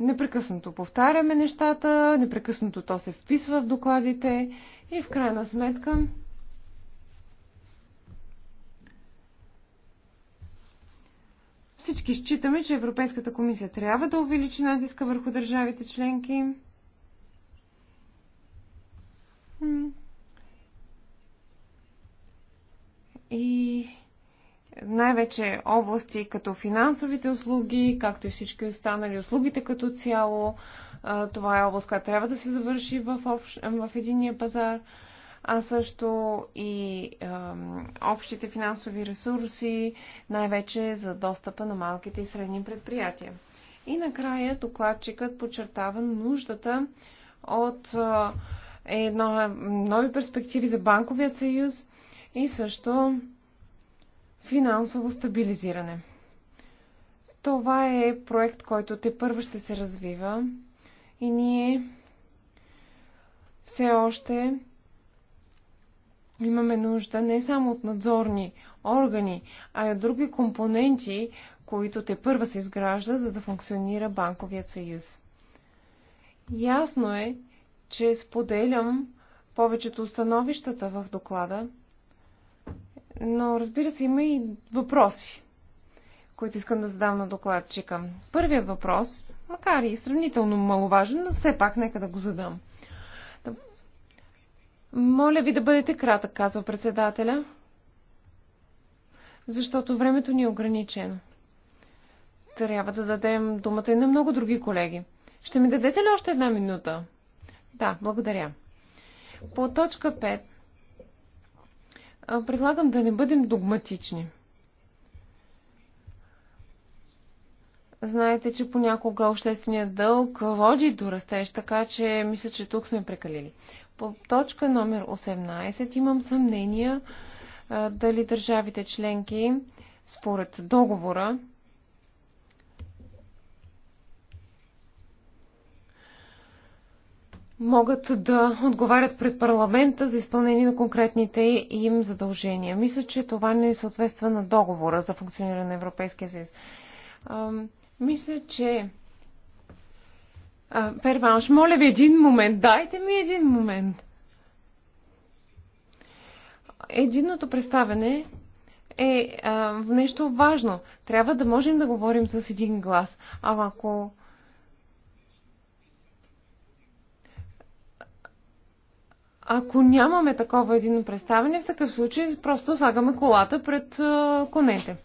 Непрекъснато повтаряме нещата, непрекъснато то се вписва в докладите и в крайна сметка Всички считаме, че Европейската комисия трябва да увеличи натиска върху държавите членки. И най-вече области като финансовите услуги, както и всички останали услугите като цяло. Това е област, която трябва да се завърши в, общ... в единия пазар а също и е, общите финансови ресурси, най-вече за достъпа на малките и средни предприятия. И накрая докладчикът подчертава нуждата от е, едно, нови перспективи за банковият съюз и също финансово стабилизиране. Това е проект, който те първо ще се развива и ние все още имаме нужда не само от надзорни органи, а и от други компоненти, които те първа се изграждат, за да функционира банковият съюз. Ясно е, че споделям повечето установищата в доклада, но разбира се има и въпроси, които искам да задам на докладчика. Първият въпрос, макар и сравнително маловажен, но все пак нека да го задам – моля ви да бъдете кратък, казва председателя, защото времето ни е ограничено. Трябва да дадем думата и на много други колеги. Ще ми дадете ли още една минута? Да, благодаря. По точка 5 предлагам да не бъдем догматични. Знаете, че понякога общественият дълг води до растеж, така че мисля, че тук сме прекалили. По точка номер 18 имам съмнения дали държавите членки според договора могат да отговарят пред парламента за изпълнение на конкретните им задължения. Мисля, че това не съответства на договора за функциониране на Европейския съюз. Мисля, че... А, перванш, моля ви един момент. Дайте ми един момент. Единното представяне е а, нещо важно. Трябва да можем да говорим с един глас. А ако... Ако нямаме такова едино представене, в такъв случай просто слагаме колата пред а, конете.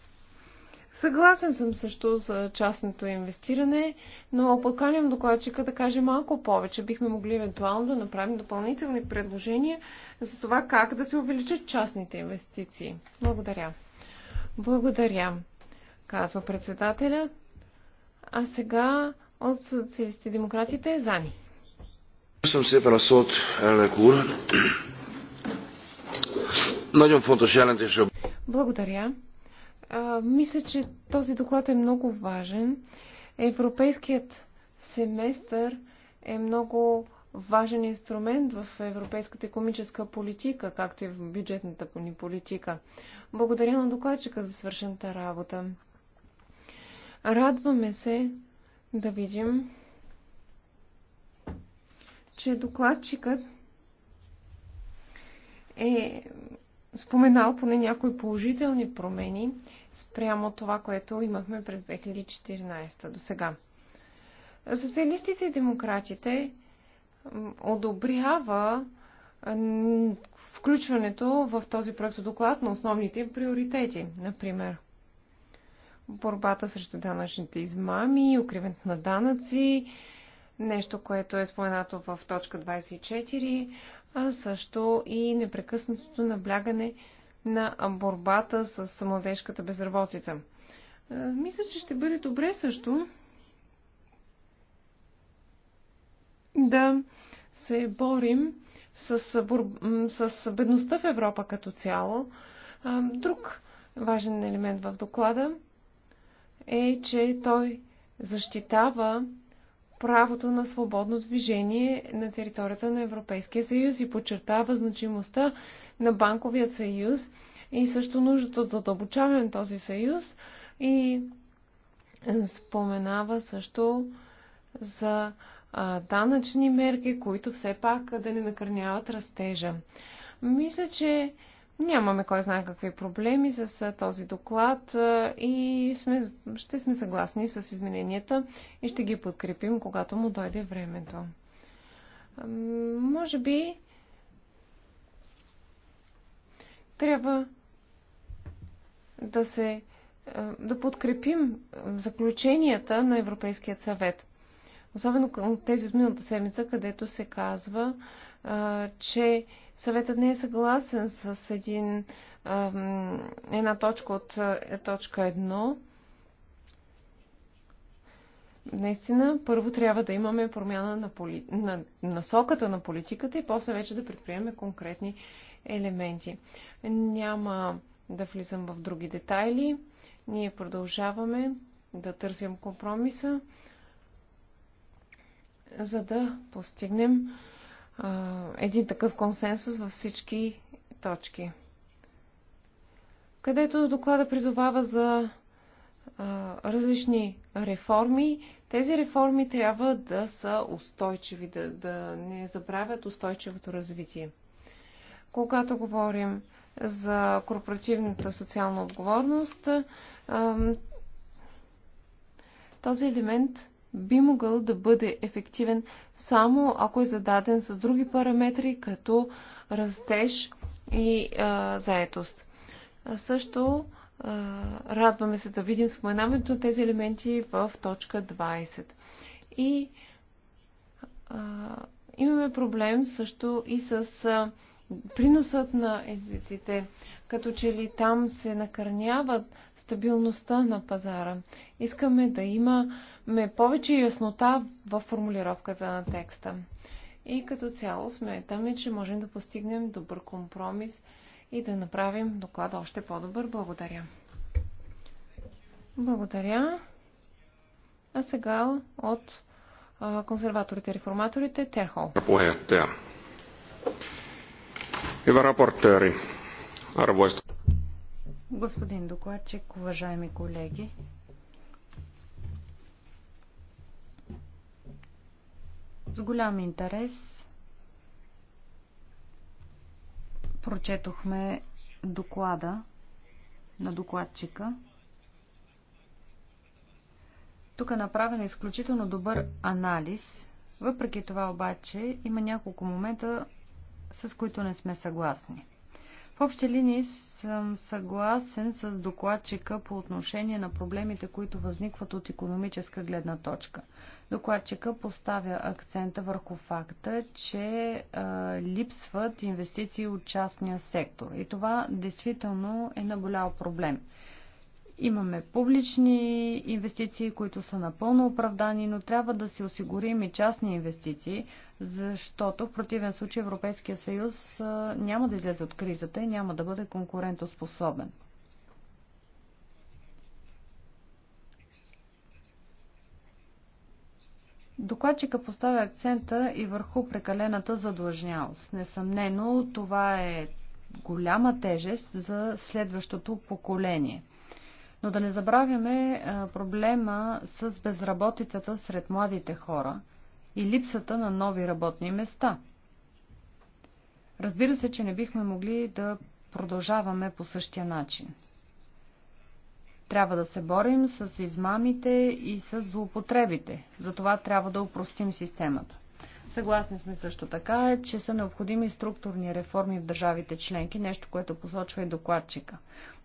Съгласен съм също за частното инвестиране, но поканям докладчика да каже малко повече. Бихме могли евентуално да направим допълнителни предложения за това как да се увеличат частните инвестиции. Благодаря. Благодаря, казва председателя. А сега от социалисти демократите е Зани. съм се от szót, elnök úr. Благодаря. А, мисля, че този доклад е много важен. Европейският семестър е много важен инструмент в европейската економическа политика, както и в бюджетната ни политика. Благодаря на докладчика за свършената работа. Радваме се да видим, че докладчикът е споменал поне някои положителни промени спрямо това, което имахме през 2014 до сега. Социалистите и демократите одобрява включването в този проект доклад на основните им приоритети, например борбата срещу данъчните измами, укриването на данъци, нещо, което е споменато в точка 24, а също и непрекъснатото наблягане на борбата с младежката безработица. Е, мисля, че ще бъде добре също да се борим с, борб... с бедността в Европа като цяло. Е, друг важен елемент в доклада е, че той защитава правото на свободно движение на територията на Европейския съюз и подчертава значимостта на банковият съюз и също нуждата от задълбочаване на този съюз и споменава също за данъчни мерки, които все пак да не накърняват растежа. Мисля, че Нямаме кой знае какви проблеми с този доклад и сме, ще сме съгласни с измененията и ще ги подкрепим, когато му дойде времето. Може би трябва да се да подкрепим заключенията на Европейският съвет. Особено тези от миналата седмица, където се казва, че съветът не е съгласен с един, една точка от точка 1. Наистина, първо трябва да имаме промяна на, поли... на насоката на политиката и после вече да предприемем конкретни елементи. Няма да влизам в други детайли. Ние продължаваме да търсим компромиса, за да постигнем един такъв консенсус във всички точки. Където доклада призовава за различни реформи. Тези реформи трябва да са устойчиви, да, да не забравят устойчивото развитие. Когато говорим за корпоративната социална отговорност, този елемент би могъл да бъде ефективен само ако е зададен с други параметри, като растеж и а, заетост. А също а, радваме се да видим споменаването на тези елементи в точка 20. И а, имаме проблем също и с а, приносът на езиците като че ли там се накърняват стабилността на пазара. Искаме да имаме повече яснота в формулировката на текста. И като цяло сметаме, че можем да постигнем добър компромис и да направим доклада още по-добър. Благодаря. Благодаря. А сега от консерваторите и реформаторите Терхол. Hyvä raportööri, Господин докладчик, уважаеми колеги, с голям интерес прочетохме доклада на докладчика. Тук е направен изключително добър анализ. Въпреки това обаче има няколко момента, с които не сме съгласни. В общи линии съм съгласен с докладчика по отношение на проблемите, които възникват от економическа гледна точка. Докладчика поставя акцента върху факта, че а, липсват инвестиции от частния сектор. И това действително е наболял проблем. Имаме публични инвестиции, които са напълно оправдани, но трябва да си осигурим и частни инвестиции, защото в противен случай Европейския съюз няма да излезе от кризата и няма да бъде конкурентоспособен. Докладчика поставя акцента и върху прекалената задлъжнялост. Несъмнено, това е голяма тежест за следващото поколение – но да не забравяме е, проблема с безработицата сред младите хора и липсата на нови работни места. Разбира се, че не бихме могли да продължаваме по същия начин. Трябва да се борим с измамите и с злоупотребите. Затова трябва да упростим системата. Съгласни сме също така, че са необходими структурни реформи в държавите членки, нещо, което посочва и докладчика.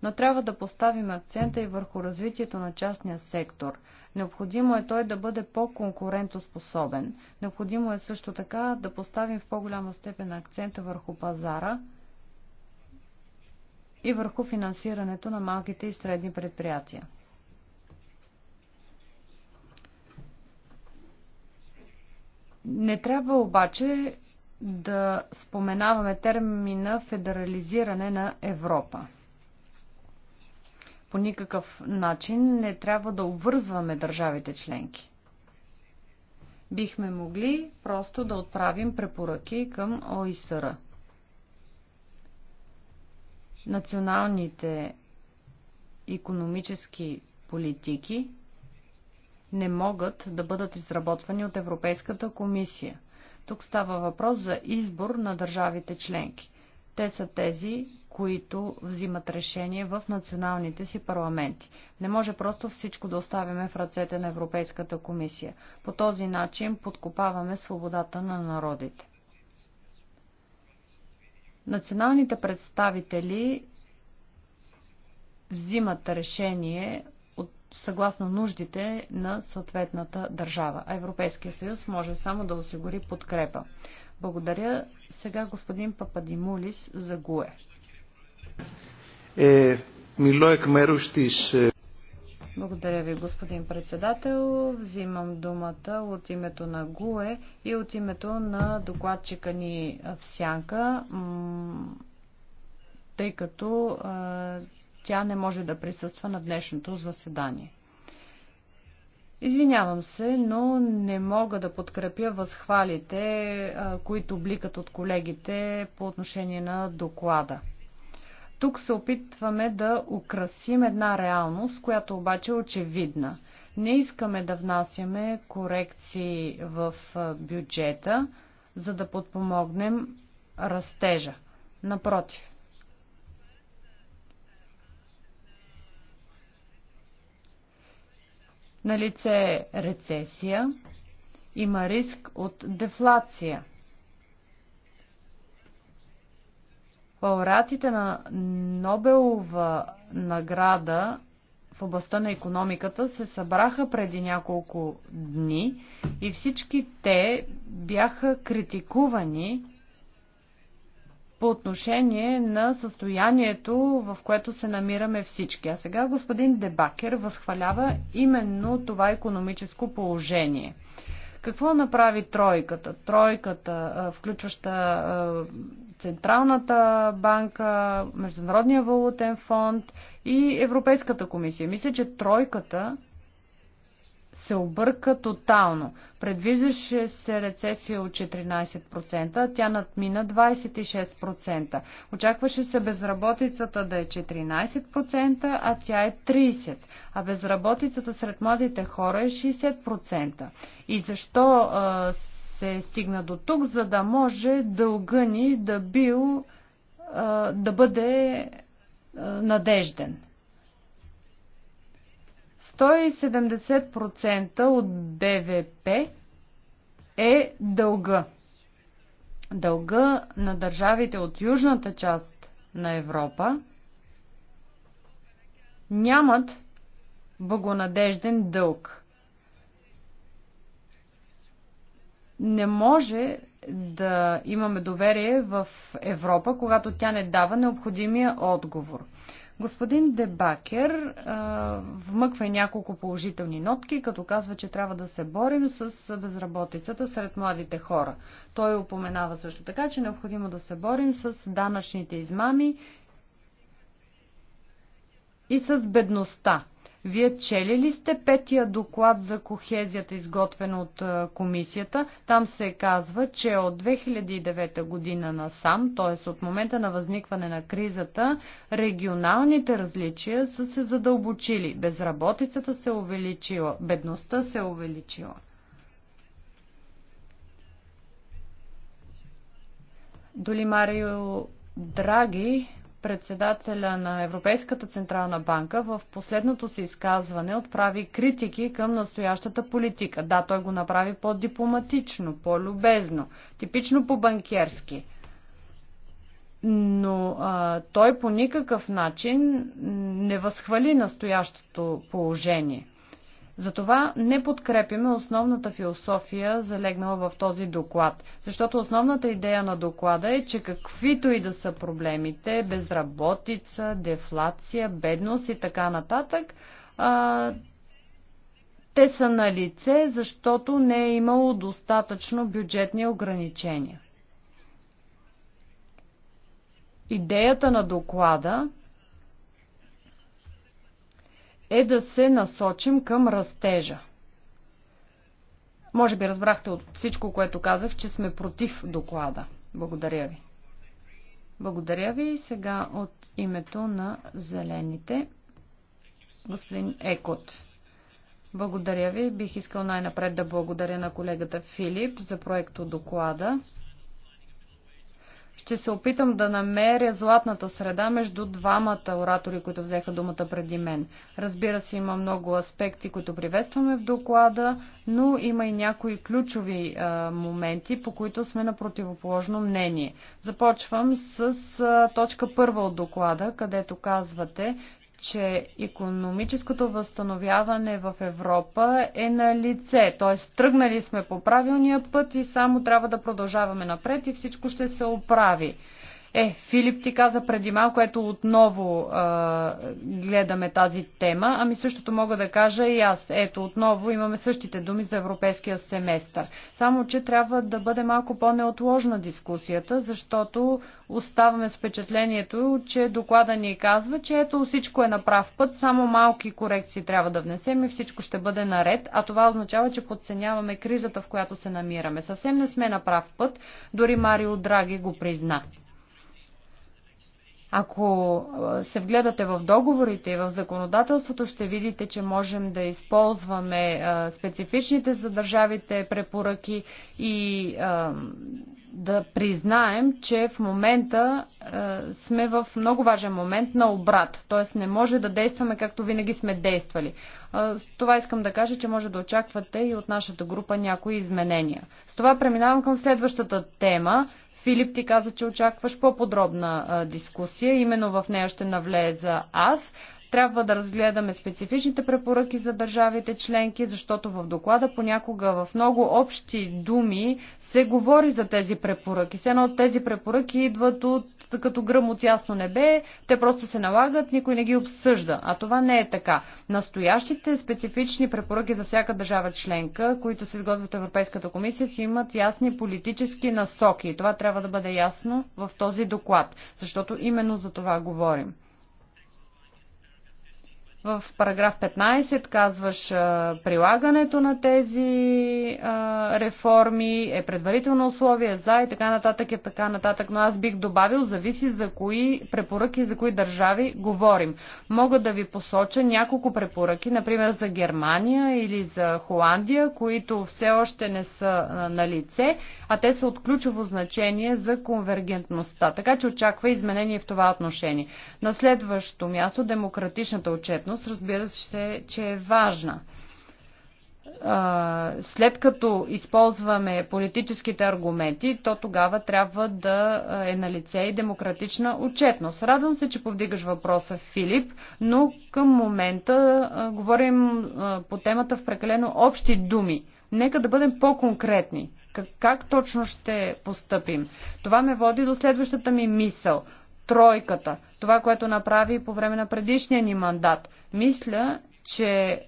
Но трябва да поставим акцента и върху развитието на частния сектор. Необходимо е той да бъде по-конкурентоспособен. Необходимо е също така да поставим в по-голяма степен акцента върху пазара и върху финансирането на малките и средни предприятия. Не трябва обаче да споменаваме термина федерализиране на Европа. По никакъв начин не трябва да обвързваме държавите членки. Бихме могли просто да отправим препоръки към ОИСР. Националните економически политики – не могат да бъдат изработвани от Европейската комисия. Тук става въпрос за избор на държавите членки. Те са тези, които взимат решение в националните си парламенти. Не може просто всичко да оставяме в ръцете на Европейската комисия. По този начин подкопаваме свободата на народите. Националните представители взимат решение съгласно нуждите на съответната държава. А Европейския съюз може само да осигури подкрепа. Благодаря сега господин Пападимулис за ГУЕ. Е, мило е благодаря ви, господин председател. Взимам думата от името на ГУЕ и от името на докладчика ни в Сянка, тъй като тя не може да присъства на днешното заседание. Извинявам се, но не мога да подкрепя възхвалите, които бликат от колегите по отношение на доклада. Тук се опитваме да украсим една реалност, която обаче е очевидна. Не искаме да внасяме корекции в бюджета, за да подпомогнем растежа. Напротив, На лице е рецесия, има риск от дефлация. Лауреатите на Нобелова награда в областта на економиката се събраха преди няколко дни и всички те бяха критикувани по отношение на състоянието, в което се намираме всички. А сега господин Дебакер възхвалява именно това економическо положение. Какво направи тройката? Тройката, включваща Централната банка, Международния валутен фонд и Европейската комисия. Мисля, че тройката се обърка тотално. Предвиждаше се рецесия от 14%, тя надмина 26%. Очакваше се безработицата да е 14%, а тя е 30%, а безработицата сред младите хора е 60%. И защо а, се е стигна до тук, за да може дълга ни да бил а, да бъде а, надежден? 170% от БВП е дълга. Дълга на държавите от южната част на Европа нямат благонадежден дълг. Не може да имаме доверие в Европа, когато тя не дава необходимия отговор. Господин Дебакер а, вмъква и няколко положителни нотки, като казва, че трябва да се борим с безработицата сред младите хора. Той упоменава също така, че е необходимо да се борим с данъчните измами и с бедността. Вие чели ли сте петия доклад за кохезията, изготвен от комисията? Там се казва, че от 2009 година насам, т.е. от момента на възникване на кризата, регионалните различия са се задълбочили. Безработицата се увеличила, бедността се увеличила. Доли Марио Драги председателя на Европейската централна банка в последното си изказване отправи критики към настоящата политика. Да, той го направи по-дипломатично, по-любезно, типично по-банкерски. Но а, той по никакъв начин не възхвали настоящото положение. Затова не подкрепяме основната философия, залегнала в този доклад, защото основната идея на доклада е, че каквито и да са проблемите, безработица, дефлация, бедност и така нататък, а, те са на лице, защото не е имало достатъчно бюджетни ограничения. Идеята на доклада е да се насочим към растежа. Може би разбрахте от всичко, което казах, че сме против доклада. Благодаря ви. Благодаря ви. Сега от името на зелените, господин Екот. Благодаря ви. Бих искал най-напред да благодаря на колегата Филип за проекто доклада. Ще се опитам да намеря златната среда между двамата оратори, които взеха думата преди мен. Разбира се, има много аспекти, които приветстваме в доклада, но има и някои ключови а, моменти, по които сме на противоположно мнение. Започвам с а, точка първа от доклада, където казвате, че економическото възстановяване в Европа е на лице. Т.е. тръгнали сме по правилния път и само трябва да продължаваме напред и всичко ще се оправи. Е, Филип ти каза преди малко, ето отново а, гледаме тази тема, ами същото мога да кажа и аз. Ето отново имаме същите думи за европейския семестър. Само, че трябва да бъде малко по-неотложна дискусията, защото оставаме с впечатлението, че доклада ни казва, че ето всичко е на прав път, само малки корекции трябва да внесем и всичко ще бъде наред, а това означава, че подценяваме кризата, в която се намираме. Съвсем не сме на прав път, дори Марио Драги го призна. Ако се вгледате в договорите и в законодателството, ще видите, че можем да използваме специфичните за държавите препоръки и да признаем, че в момента сме в много важен момент на обрат, т.е. не може да действаме както винаги сме действали. това искам да кажа, че може да очаквате и от нашата група някои изменения. С това преминавам към следващата тема Филип ти каза, че очакваш по-подробна дискусия. Именно в нея ще навлеза аз. Трябва да разгледаме специфичните препоръки за държавите членки, защото в доклада понякога в много общи думи се говори за тези препоръки. Сено от тези препоръки идват от като гръм от ясно небе, те просто се налагат, никой не ги обсъжда. А това не е така. Настоящите специфични препоръки за всяка държава членка, които се изготвят в Европейската комисия, си имат ясни политически насоки. И това трябва да бъде ясно в този доклад, защото именно за това говорим. В параграф 15 казваш прилагането на тези реформи е предварително условие за и така нататък и така нататък, но аз бих добавил, зависи за кои препоръки, за кои държави говорим. Мога да ви посоча няколко препоръки, например за Германия или за Холандия, които все още не са на лице, а те са от ключово значение за конвергентността. Така че очаква изменение в това отношение. На следващо място демократичната отчетност отчетност, разбира се, че е важна след като използваме политическите аргументи, то тогава трябва да е на лице и демократична отчетност. Радвам се, че повдигаш въпроса, Филип, но към момента говорим по темата в прекалено общи думи. Нека да бъдем по-конкретни. Как, как точно ще постъпим? Това ме води до следващата ми мисъл – тройката. Това, което направи по време на предишния ни мандат. Мисля, че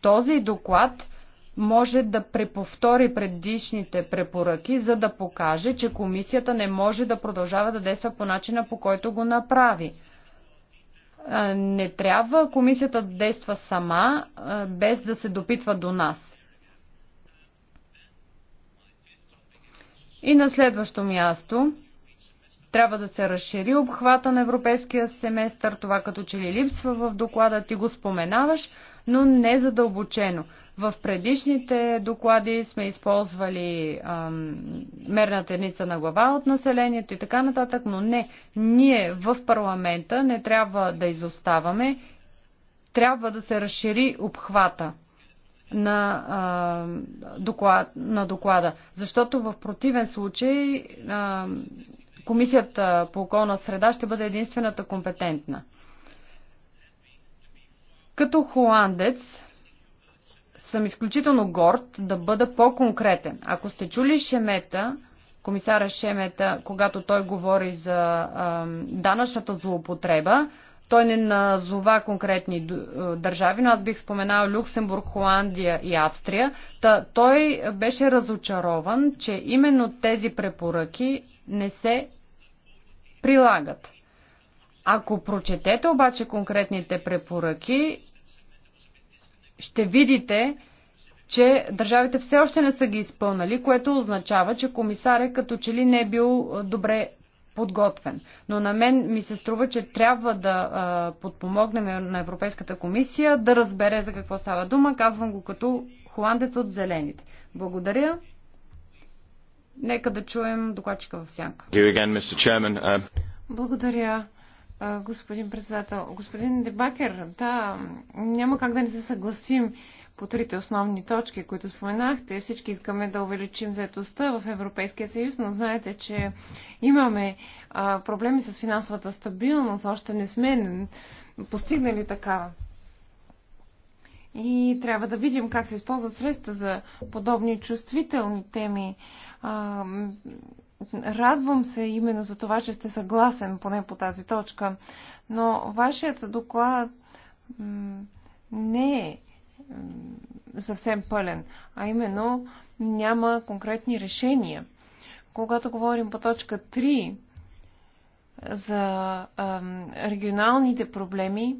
този доклад може да преповтори предишните препоръки, за да покаже, че комисията не може да продължава да действа по начина, по който го направи. Не трябва комисията да действа сама, без да се допитва до нас. И на следващо място трябва да се разшири обхвата на европейския семестър, това като че ли липсва в доклада, ти го споменаваш, но не задълбочено. В предишните доклади сме използвали ам, мерната единица на глава от населението и така нататък, но не, ние в парламента не трябва да изоставаме, трябва да се разшири обхвата на, а, доклад, на доклада. Защото в противен случай а, Комисията по околна среда ще бъде единствената компетентна. Като холандец съм изключително горд да бъда по-конкретен. Ако сте чули Шемета, комисара Шемета, когато той говори за а, данъчната злоупотреба, той не назова конкретни държави, но аз бих споменал Люксембург, Холандия и Австрия. Та, той беше разочарован, че именно тези препоръки не се прилагат. Ако прочетете обаче конкретните препоръки, ще видите, че държавите все още не са ги изпълнали, което означава, че е като че ли не е бил добре подготвен. Но на мен ми се струва, че трябва да а, подпомогнем на Европейската комисия да разбере за какво става дума. Казвам го като холандец от зелените. Благодаря. Нека да чуем докладчика в сянка. Uh, Благодаря, господин председател. Господин Дебакер, да, няма как да не се съгласим по трите основни точки, които споменахте. Всички искаме да увеличим заедостта в Европейския съюз, но знаете, че имаме проблеми с финансовата стабилност. Още не сме постигнали такава. И трябва да видим как се използват средства за подобни чувствителни теми. А, радвам се именно за това, че сте съгласен поне по тази точка, но вашият доклад не е съвсем пълен, а именно няма конкретни решения. Когато говорим по точка 3 за а, регионалните проблеми,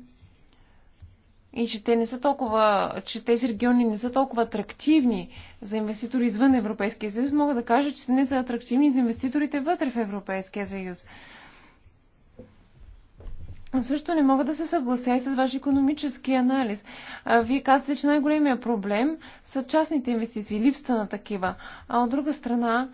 и че те не са толкова, че тези региони не са толкова атрактивни за инвеститори извън Европейския съюз, мога да кажа, че не са атрактивни за инвеститорите вътре в Европейския съюз. Също не мога да се съглася и с ваш економически анализ. Вие казвате, че най-големия проблем са частните инвестиции, липса на такива. А от друга страна,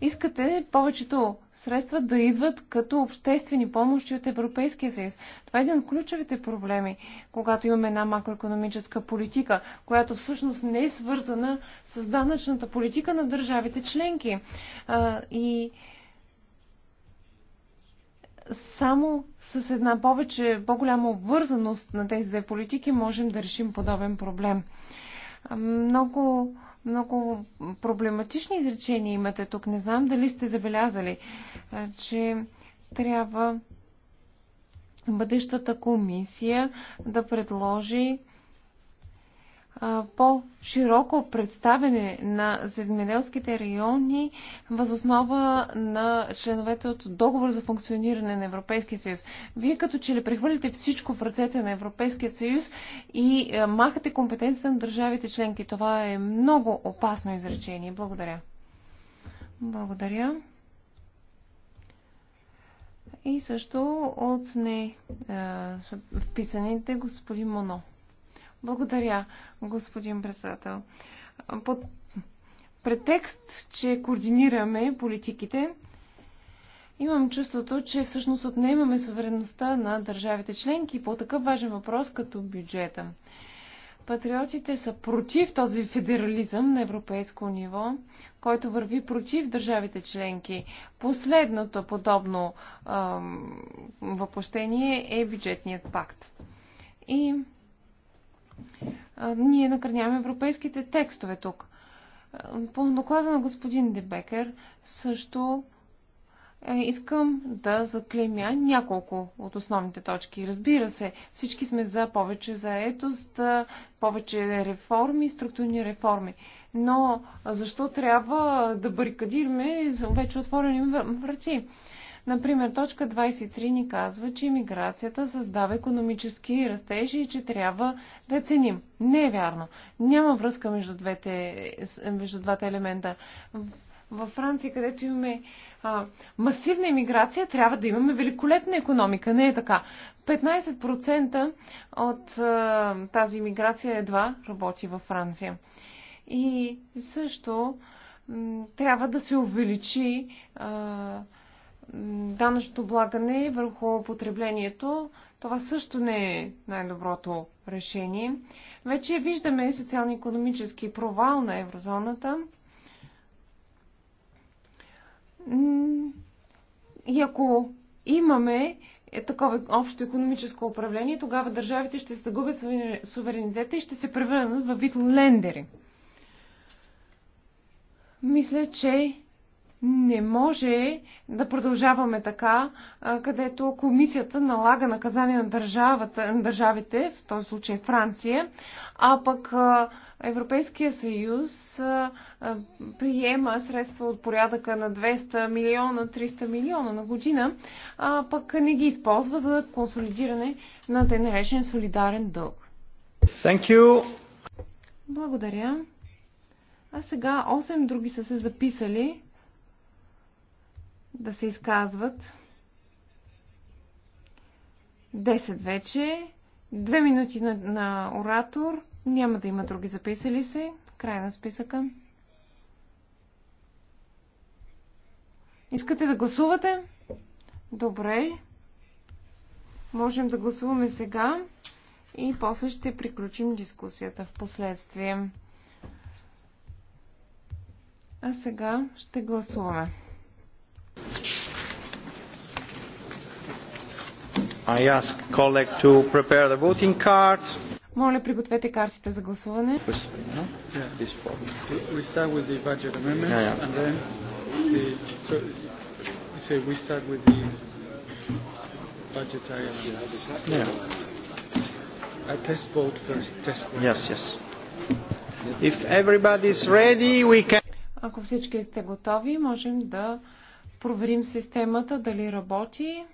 искате повечето средства да идват като обществени помощи от Европейския съюз. Това е един от ключовите проблеми, когато имаме една макроекономическа политика, която всъщност не е свързана с данъчната политика на държавите членки. А, и само с една повече, по-голяма обвързаност на тези две политики можем да решим подобен проблем. Много, много проблематични изречения имате тук. Не знам дали сте забелязали, че трябва бъдещата комисия да предложи по-широко представене на земеделските райони възоснова на членовете от договор за функциониране на Европейския съюз. Вие като че ли прехвърлите всичко в ръцете на Европейския съюз и махате компетенцията на държавите членки. Това е много опасно изречение. Благодаря. Благодаря. И също от не вписаните господин Моно. Благодаря, господин председател. Под претекст, че координираме политиките, имам чувството, че всъщност отнемаме суверенността на държавите членки по такъв важен въпрос като бюджета. Патриотите са против този федерализъм на европейско ниво, който върви против държавите членки. Последното подобно ам, въплощение е бюджетният пакт. И ние накърняваме европейските текстове тук. По доклада на господин Дебекер също е, искам да заклемя няколко от основните точки. Разбира се, всички сме за повече заетост, повече реформи, структурни реформи. Но защо трябва да барикадираме за вече отворени врати? Например, точка 23 ни казва, че иммиграцията създава економически растежи и че трябва да ценим. Не е вярно. Няма връзка между, двете, между двата елемента. Във Франция, където имаме а, масивна иммиграция, трябва да имаме великолепна економика. Не е така. 15% от а, тази иммиграция едва работи във Франция. И също трябва да се увеличи а, данъчното облагане върху потреблението, това също не е най-доброто решение. Вече виждаме социално-економически провал на еврозоната. И ако имаме е такова общо економическо управление, тогава държавите ще загубят суверенитета и ще се превърнат в вид лендери. Мисля, че не може да продължаваме така, където комисията налага наказание на, държавата, на държавите, в този случай Франция, а пък Европейския съюз приема средства от порядъка на 200 милиона, 300 милиона на година, а пък не ги използва за консолидиране на тъй наречен солидарен дълг. Thank you. Благодаря. А сега 8 други са се записали да се изказват. 10 вече. Две минути на, на оратор. Няма да има други записали се. Край на списъка. Искате да гласувате? Добре. Можем да гласуваме сега и после ще приключим дискусията в последствие. А сега ще гласуваме. I ask colleague to prepare the voting cards. Моля, пригответе картите за гласуване. Ако всички сте готови, можем да проверим системата дали работи.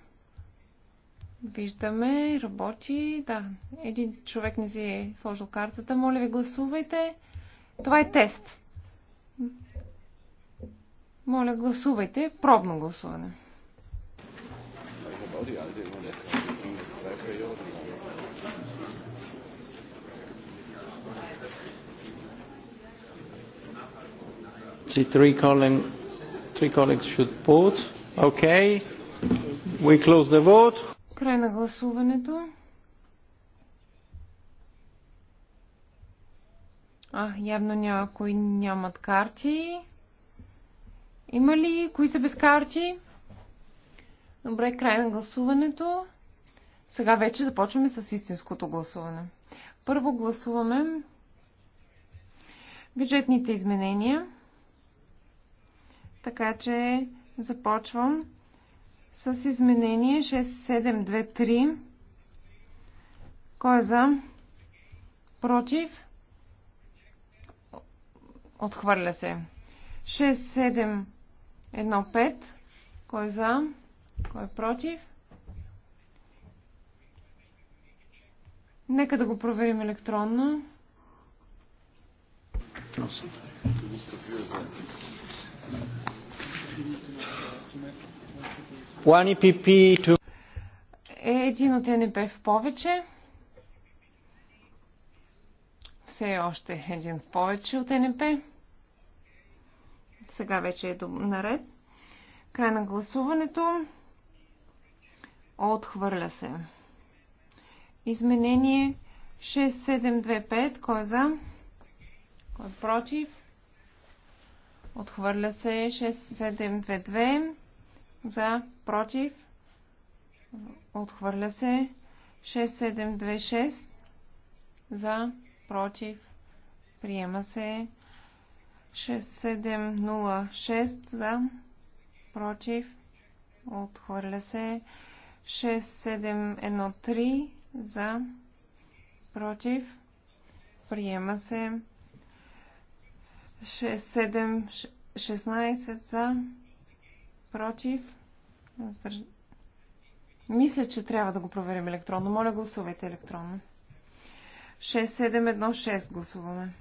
Виждаме, работи. Да, един човек не си е сложил картата. Моля ви, гласувайте. Това е тест. Моля, гласувайте. Пробно гласуване. Three calling Three colleagues should vote. Okay. We close the vote. Край на гласуването. А, явно някои нямат карти. Има ли? Кои са без карти? Добре, край на гласуването. Сега вече започваме с истинското гласуване. Първо гласуваме бюджетните изменения. Така че започвам с изменение 6723. Кой е за? Против? Отхвърля се. 6715. Кой е за? Кой е против? Нека да го проверим електронно. E е, един от НП в повече. Все още един в повече от НП. Сега вече е наред. Край на гласуването. Отхвърля се. Изменение 6725. Кой е за? Кой е против? Отхвърля се 6722 за, против. Отхвърля се 6726 за, против. Приема се 6706 за, против. Отхвърля се 6713 за, против. Приема се 6706 6, 7, 16 за, против. Мисля, че трябва да го проверим електронно. Моля, гласувайте електронно. 6716 гласуваме.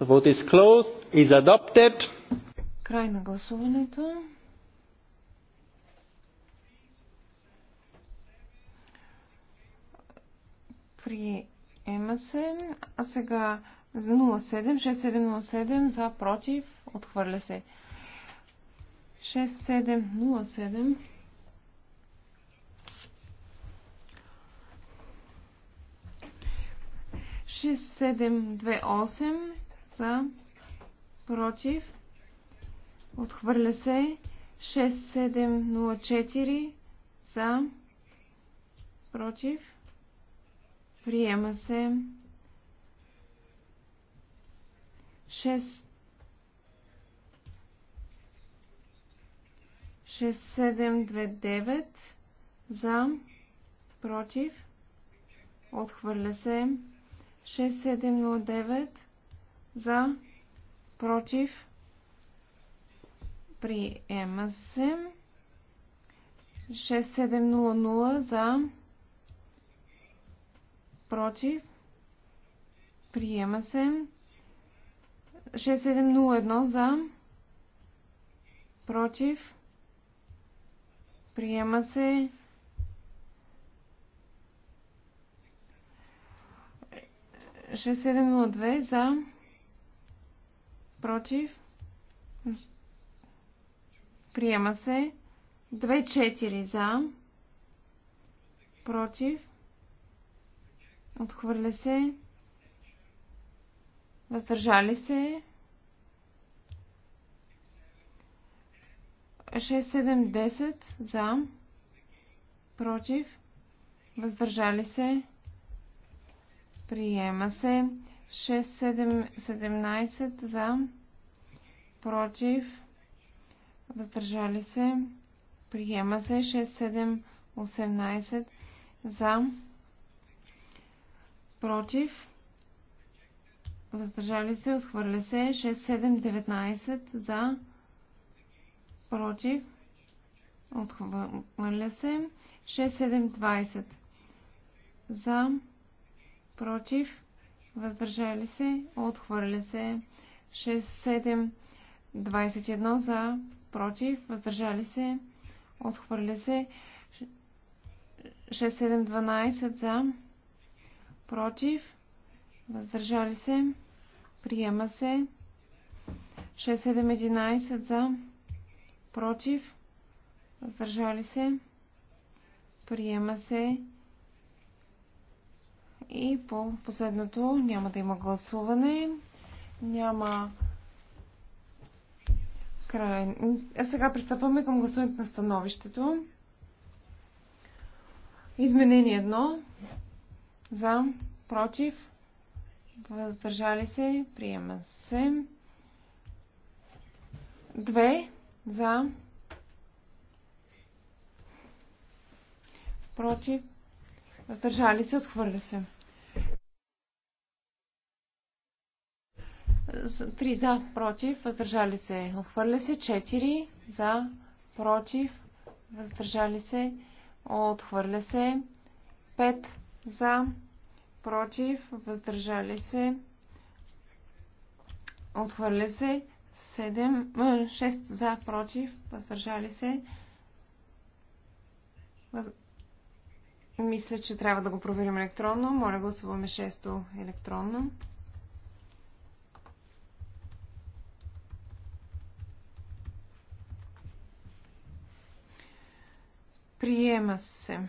The vote is closed. Is adopted. Край на гласуването. Приема се. А сега 07, 07-6707 за против. Отхвърля се. 6707. Шест, седем, две, осем за против. Отхвърля се. 6704 за против. Приема се. 6729 за против отхвърля се 6709 за против приема се 6700 за против, приема се. 6701 за, против, приема се. 6702 за, против, приема се. 24 за, против, Отхвърля се. Въздържали се. 6-7-10 за. Против. Въздържали се. Приема се. 6-7-17 за. Против. Въздържали се. Приема се. 6-7-18 за. Против против, въздържали се, отхвърля се, 6-7-19 за, против, отхвърля се, 6-7-20 за, против, въздържали се, отхвърля се, 6-7-21 за, против, въздържали се, отхвърля се, 6-7-12 за, против, против, въздържали се, приема се. 6711 за, против, въздържали се, приема се. И по последното няма да има гласуване. Няма край. А сега пристъпваме към гласуването на становището. Изменение едно. За, против, въздържали се, приема се. 2 за, против, въздържали се, отхвърля се. 3 за, против, въздържали се, отхвърля се. 4 за, против, въздържали се, отхвърля се. 5 за, против, въздържали се, отхвърля се, 7, 6 за, против, въздържали се. Въз... Мисля, че трябва да го проверим електронно. Моля, гласуваме 6 електронно. Приема се.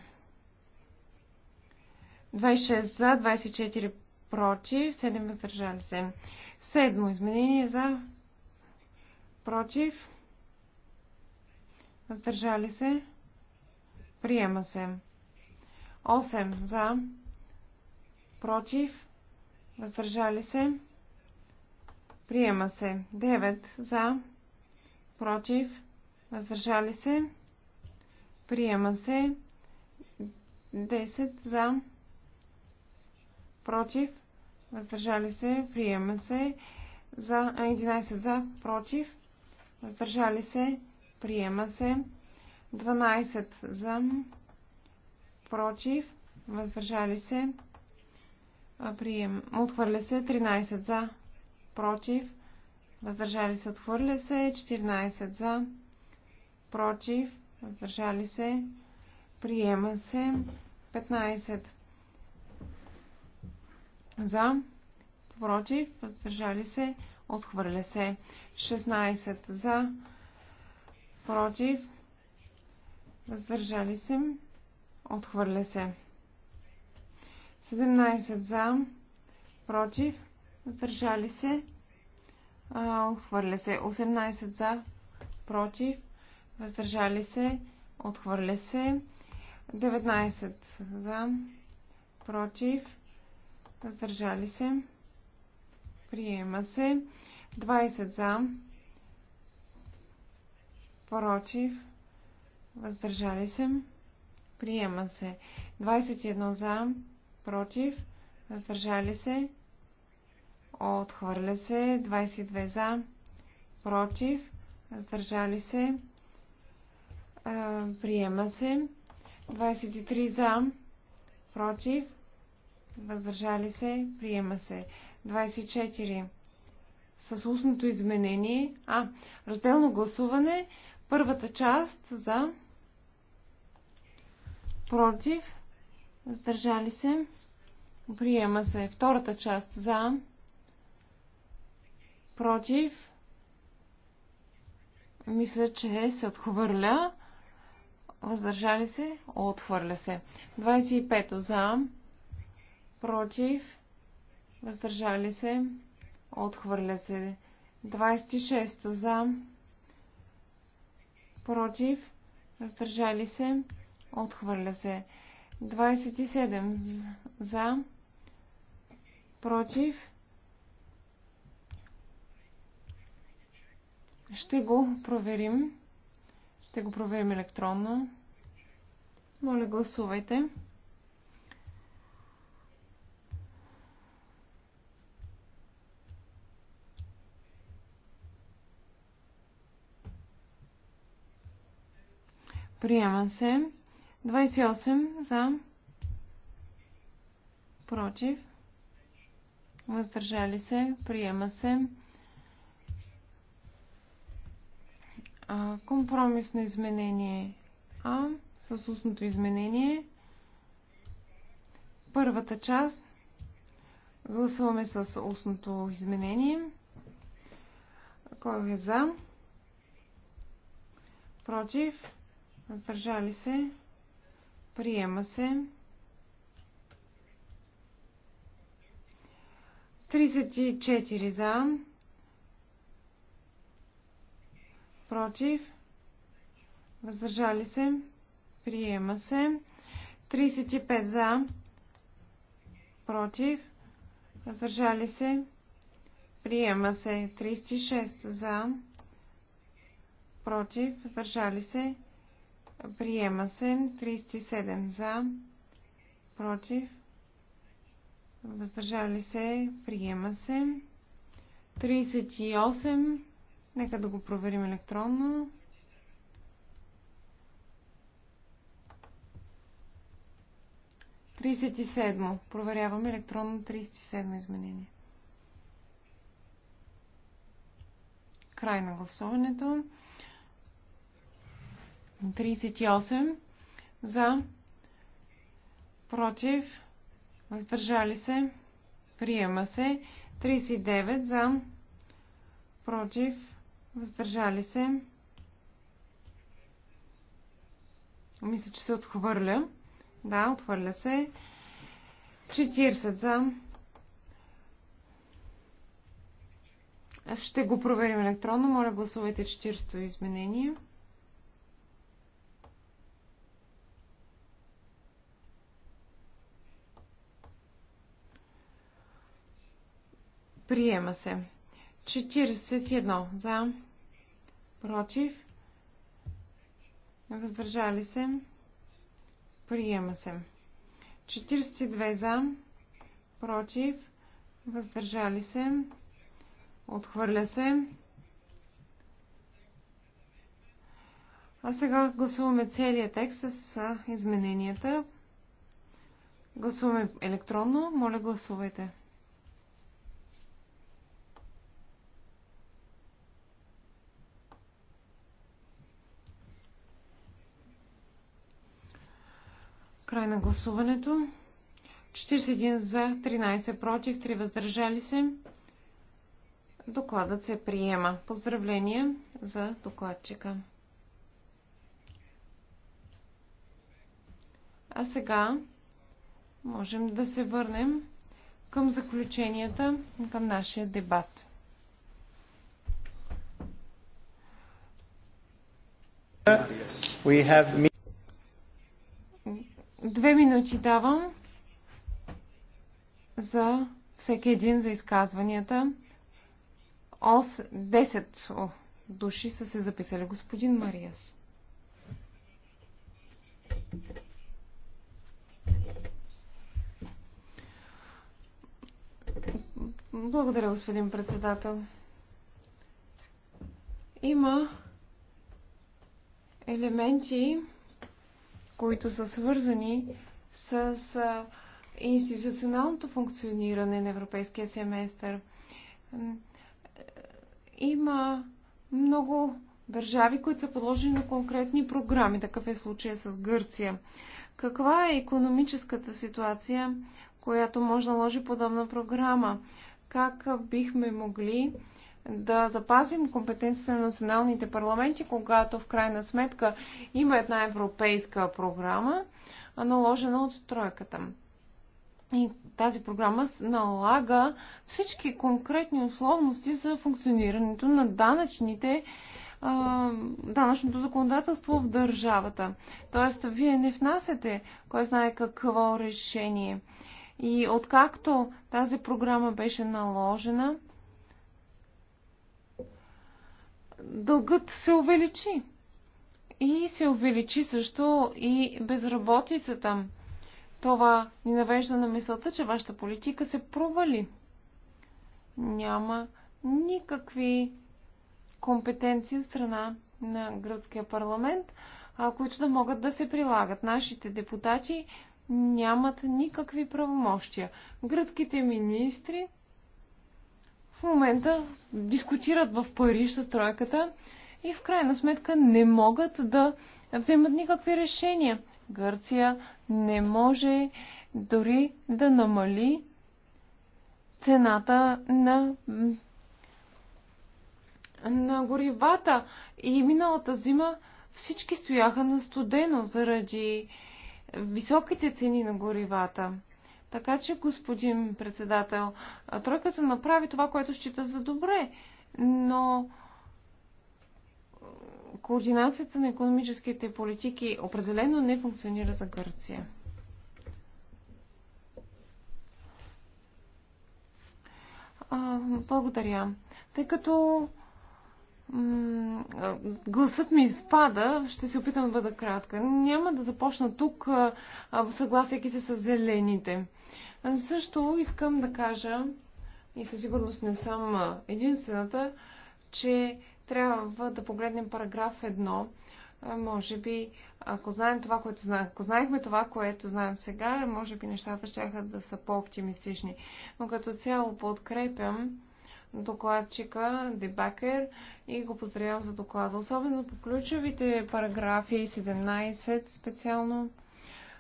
26 за, 24 против, 7 въздържали се. Седмо изменение за против, въздържали се, приема се. 8 за, против, въздържали се, приема се. 9 за, против, въздържали се, приема се. 10 за, против, против, въздържали се, приема се. За 11 за, против, въздържали се, приема се. 12 за, против, въздържали се, прием. Отхвърля се 13 за, против, въздържали се, отхвърля се 14 за, против, въздържали се, приема се 15 за. Против. Въздържали се. Отхвърля се. 16. За. Против. Въздържали се. Отхвърля се. 17. За. Против. Въздържали се. Отхвърля се. 18. За. Против. Въздържали се. Отхвърля се. 19. За. Против Въздържали се. Приема се. 20 за. Против. Въздържали се. Приема се. 21 за. Против. Въздържали се. Отхвърля се. 22 за. Против. Въздържали се. Приема се. 23 за. Против. Въздържали се. Приема се. 24. С устното изменение. А, разделно гласуване. Първата част за. Против. Въздържали се. Приема се. Втората част за. Против. Мисля, че се отхвърля. Въздържали се? Отхвърля се. 25 за против, въздържали се, отхвърля се. 26 за, против, въздържали се, отхвърля се. 27 за, против, ще го проверим. Ще го проверим електронно. Моля, гласувайте. Приема се. 28 за. Против. Въздържали се. Приема се. компромисно изменение А с устното изменение. Първата част гласуваме с устното изменение. Кой е за? Против? Въздържали се. Приема се. 34 за. Против. Въздържали се. Приема се. 35 за. Против. Въздържали се. Приема се. 36 за. Против. Въздържали се. Приема се 37 за, против, въздържали се, приема се. 38, нека да го проверим електронно. Тридесет и седмо. Проверяваме електронно 37 изменение. Край на гласуването. 38 за, против, въздържали се, приема се. 39 за, против, въздържали се. Мисля, че се отхвърля. Да, отхвърля се. 40 за. Ще го проверим електронно. Моля, гласувайте 40 изменения. изменение. Приема се. 41 за. Против. Въздържали се. Приема се. 42 за. Против. Въздържали се. Отхвърля се. А сега гласуваме целият текст с измененията. Гласуваме електронно. Моля, гласувайте. Край на гласуването. 41 за, 13 против, 3 въздържали се. Докладът се приема. Поздравления за докладчика. А сега можем да се върнем към заключенията, към нашия дебат. We have Две минути давам за всеки един за изказванията. Ос 10 о, души са се записали. Господин Мариас. Благодаря, господин председател. Има елементи които са свързани с институционалното функциониране на европейския семестър. Е, има много държави, които са подложени на конкретни програми. Такъв е случая с Гърция. Каква е економическата ситуация, която може да наложи подобна програма? Как бихме могли да запазим компетенцията на националните парламенти, когато в крайна сметка има една европейска програма, наложена от тройката. И тази програма налага всички конкретни условности за функционирането на данъчните данъчното законодателство в държавата. Тоест, вие не внасяте кой знае какво решение. И откакто тази програма беше наложена, дългът се увеличи. И се увеличи също и безработицата. Това ни навежда на мисълта, че вашата политика се провали. Няма никакви компетенции от страна на гръцкия парламент, които да могат да се прилагат. Нашите депутати нямат никакви правомощия. Гръцките министри в момента дискутират в Париж с тройката и в крайна сметка не могат да вземат никакви решения. Гърция не може дори да намали цената на, на горивата. И миналата зима всички стояха на студено заради високите цени на горивата. Така че, господин председател, тройката направи това, което счита за добре, но координацията на економическите политики определено не функционира за Гърция. А, благодаря. Тъй като гласът ми изпада, ще се опитам да бъда кратка. Няма да започна тук, съгласяйки се с зелените. Също искам да кажа, и със сигурност не съм единствената, че трябва да погледнем параграф 1. Може би, ако знаем това, което знаем, ако знаехме това, което знаем сега, може би нещата ще да са по-оптимистични. Но като цяло подкрепям докладчика Дебакер и го поздравявам за доклада. Особено по ключовите параграфи 17 специално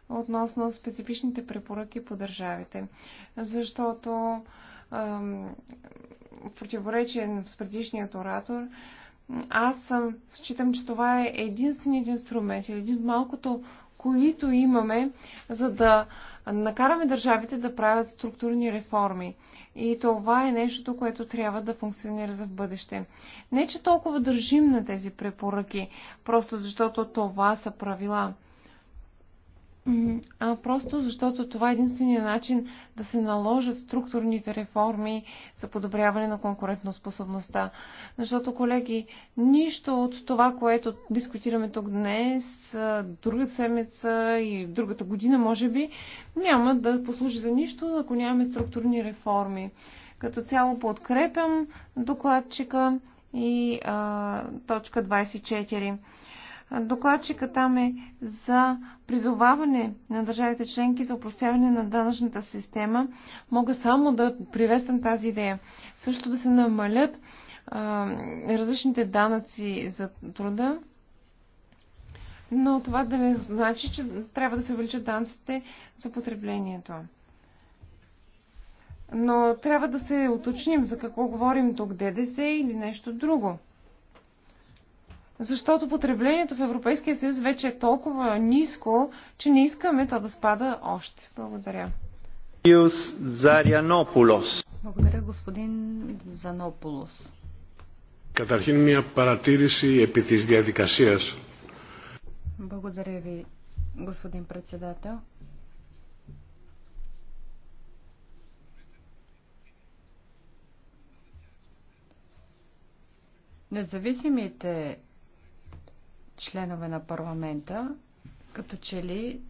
относно специфичните препоръки по държавите. Защото в противоречие с предишният оратор, аз съм, считам, че това е единственият инструмент или един от малкото, които имаме, за да накараме държавите да правят структурни реформи. И това е нещото, което трябва да функционира за в бъдеще. Не, че толкова държим на тези препоръки, просто защото това са правила а просто защото това е единствения начин да се наложат структурните реформи за подобряване на конкурентоспособността. Защото, колеги, нищо от това, което дискутираме тук днес, друга седмица и другата година, може би, няма да послужи за нищо, ако нямаме структурни реформи. Като цяло подкрепям докладчика и а, точка 24. Докладчика там е за призоваване на държавите членки за упростяване на данъчната система. Мога само да приветствам тази идея. Също да се намалят а, различните данъци за труда, но това да не значи, че трябва да се увеличат данците за потреблението. Но трябва да се уточним за какво говорим тук ДДС или нещо друго защото потреблението в Европейския съюз вече е толкова ниско, че не искаме то да спада още. Благодаря. Благодаря, господин Занополос. Καταρχήν μια παρατήρηση επί της διαδικασίας. Благодаря ви, господин председател. Независимите членове на парламента, като че ли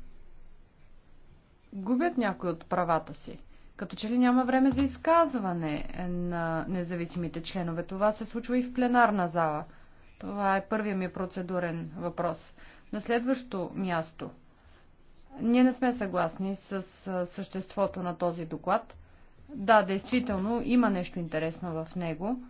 губят някои от правата си. Като че ли няма време за изказване на независимите членове. Това се случва и в пленарна зала. Това е първият ми процедурен въпрос. На следващо място. Ние не сме съгласни с съществото на този доклад. Да, действително има нещо интересно в него,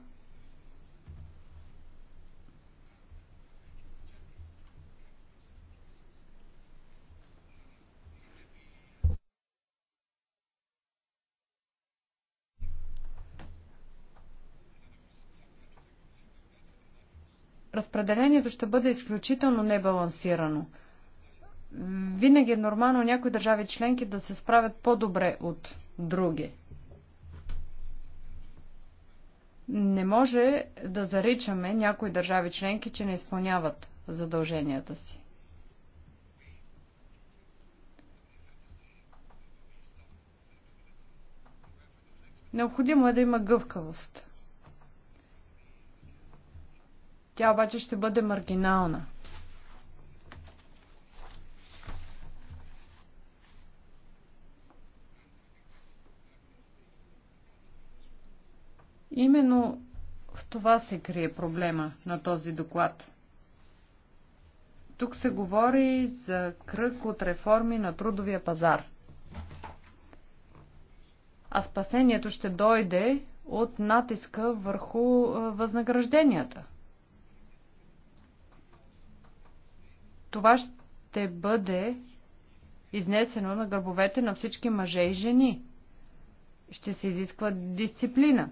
разпределението ще бъде изключително небалансирано. Винаги е нормално някои държави членки да се справят по-добре от други. Не може да заричаме някои държави членки, че не изпълняват задълженията си. Необходимо е да има гъвкавост. Тя обаче ще бъде маргинална. Именно в това се крие проблема на този доклад. Тук се говори за кръг от реформи на трудовия пазар. А спасението ще дойде от натиска върху възнагражденията. Това ще бъде изнесено на гърбовете на всички мъже и жени. Ще се изисква дисциплина.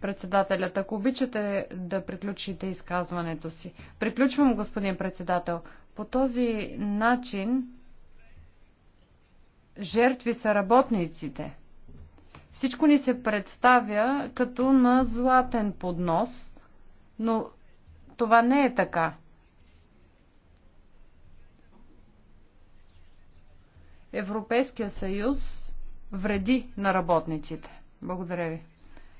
председателят. Ако обичате да приключите изказването си. Приключвам, господин председател. По този начин жертви са работниците. Всичко ни се представя като на златен поднос, но това не е така. Европейския съюз вреди на работниците. Благодаря ви.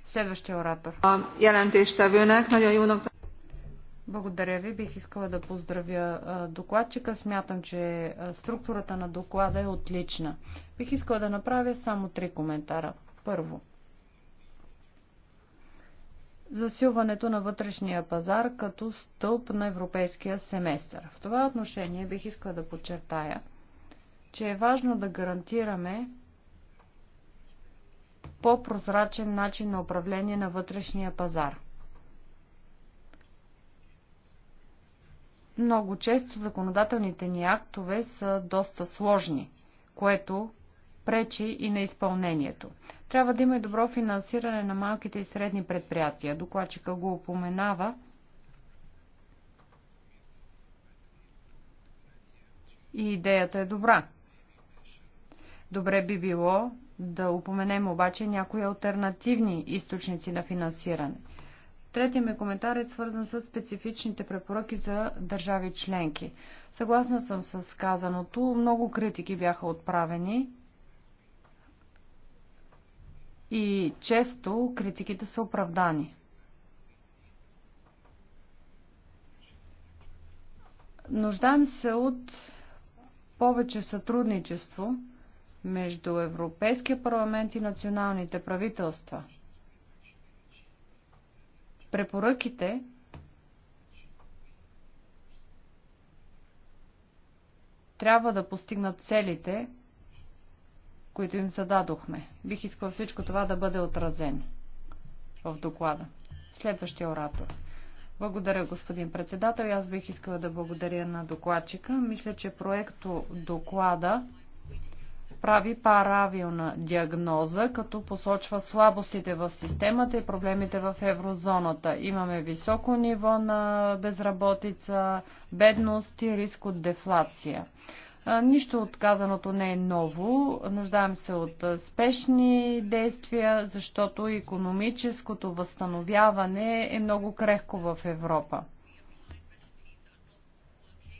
Следващия оратор. Благодаря ви. Бих искала да поздравя докладчика. Смятам, че структурата на доклада е отлична. Бих искала да направя само три коментара. Първо, засилването на вътрешния пазар като стълб на европейския семестър. В това отношение бих искала да подчертая, че е важно да гарантираме по-прозрачен начин на управление на вътрешния пазар. Много често законодателните ни актове са доста сложни, което пречи и на изпълнението. Трябва да има и добро финансиране на малките и средни предприятия. Докладчика го упоменава. И идеята е добра. Добре би било да упоменем обаче някои альтернативни източници на финансиране. Третия ми коментар е свързан с специфичните препоръки за държави членки. Съгласна съм с казаното, много критики бяха отправени и често критиките са оправдани. Нуждаем се от повече сътрудничество между Европейския парламент и националните правителства. Препоръките трябва да постигнат целите, които им зададохме. Бих искал всичко това да бъде отразено в доклада. Следващия оратор. Благодаря, господин председател. Аз бих искала да благодаря на докладчика. Мисля, че проекто доклада прави правилна диагноза, като посочва слабостите в системата и проблемите в еврозоната. Имаме високо ниво на безработица, бедност и риск от дефлация. Нищо от казаното не е ново. Нуждаем се от спешни действия, защото економическото възстановяване е много крехко в Европа.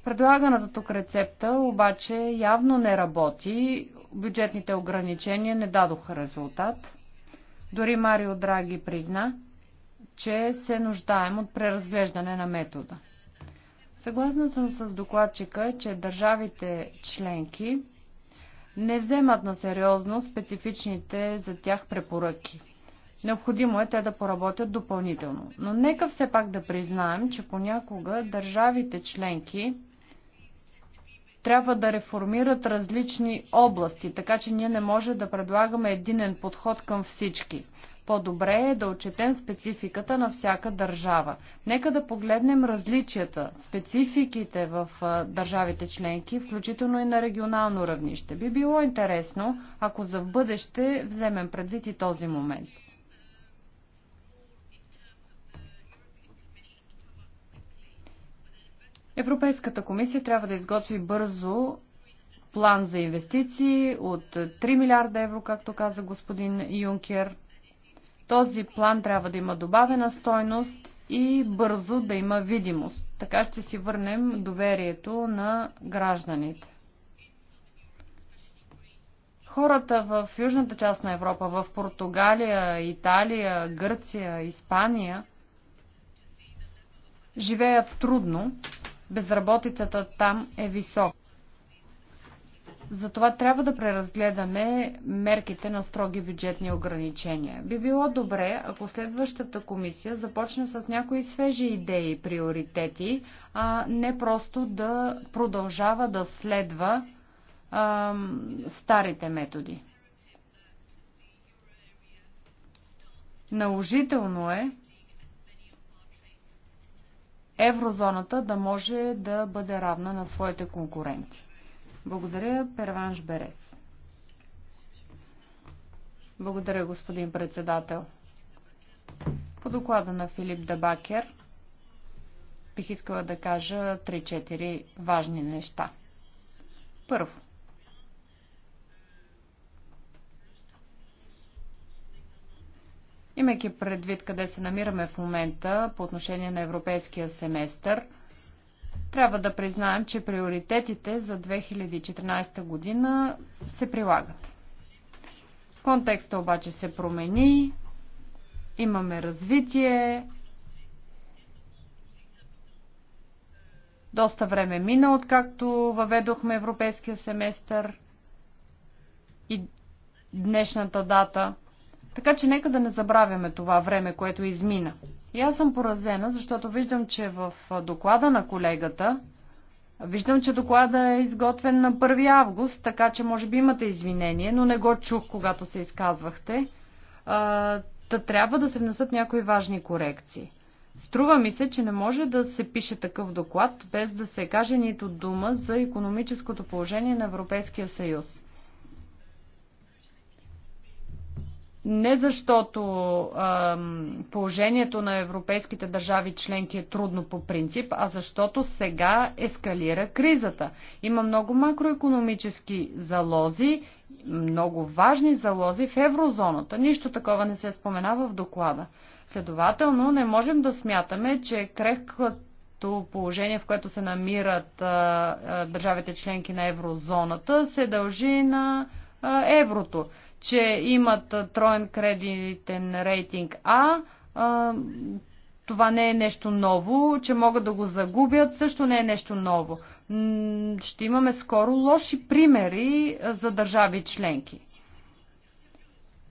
Предлаганата тук рецепта обаче явно не работи. Бюджетните ограничения не дадоха резултат. Дори Марио Драги призна, че се нуждаем от преразглеждане на метода. Съгласна съм с докладчика, че държавите членки не вземат на сериозно специфичните за тях препоръки. Необходимо е те да поработят допълнително. Но нека все пак да признаем, че понякога държавите членки трябва да реформират различни области, така че ние не можем да предлагаме единен подход към всички. По-добре е да отчетем спецификата на всяка държава. Нека да погледнем различията, спецификите в държавите членки, включително и на регионално равнище. Би било интересно, ако за в бъдеще вземем предвид и този момент. Европейската комисия трябва да изготви бързо план за инвестиции от 3 милиарда евро, както каза господин Юнкер – този план трябва да има добавена стойност и бързо да има видимост. Така ще си върнем доверието на гражданите. Хората в южната част на Европа, в Португалия, Италия, Гърция, Испания, живеят трудно, безработицата там е висока. Затова трябва да преразгледаме мерките на строги бюджетни ограничения. Би било добре, ако следващата комисия започне с някои свежи идеи и приоритети, а не просто да продължава да следва а, старите методи. Наложително е еврозоната да може да бъде равна на своите конкуренти. Благодаря, Перванш Берес. Благодаря, господин председател. По доклада на Филип Дебакер бих искала да кажа 3-4 важни неща. Първо, Имайки предвид къде се намираме в момента по отношение на европейския семестър – трябва да признаем, че приоритетите за 2014 година се прилагат. Контекста обаче се промени, имаме развитие, доста време мина, откакто въведохме европейския семестър и днешната дата. Така че нека да не забравяме това време, което измина. И аз съм поразена, защото виждам, че в доклада на колегата, виждам, че доклада е изготвен на 1 август, така че може би имате извинение, но не го чух, когато се изказвахте. Та трябва да се внесат някои важни корекции. Струва ми се, че не може да се пише такъв доклад, без да се каже нито дума за економическото положение на Европейския съюз. не защото ам, положението на европейските държави членки е трудно по принцип, а защото сега ескалира кризата. Има много макроекономически залози, много важни залози в еврозоната. Нищо такова не се споменава в доклада. Следователно, не можем да смятаме, че крехкото положение, в което се намират а, а, държавите членки на еврозоната, се дължи на а, еврото че имат троен кредитен рейтинг А, това не е нещо ново, че могат да го загубят, също не е нещо ново. Ще имаме скоро лоши примери за държави членки.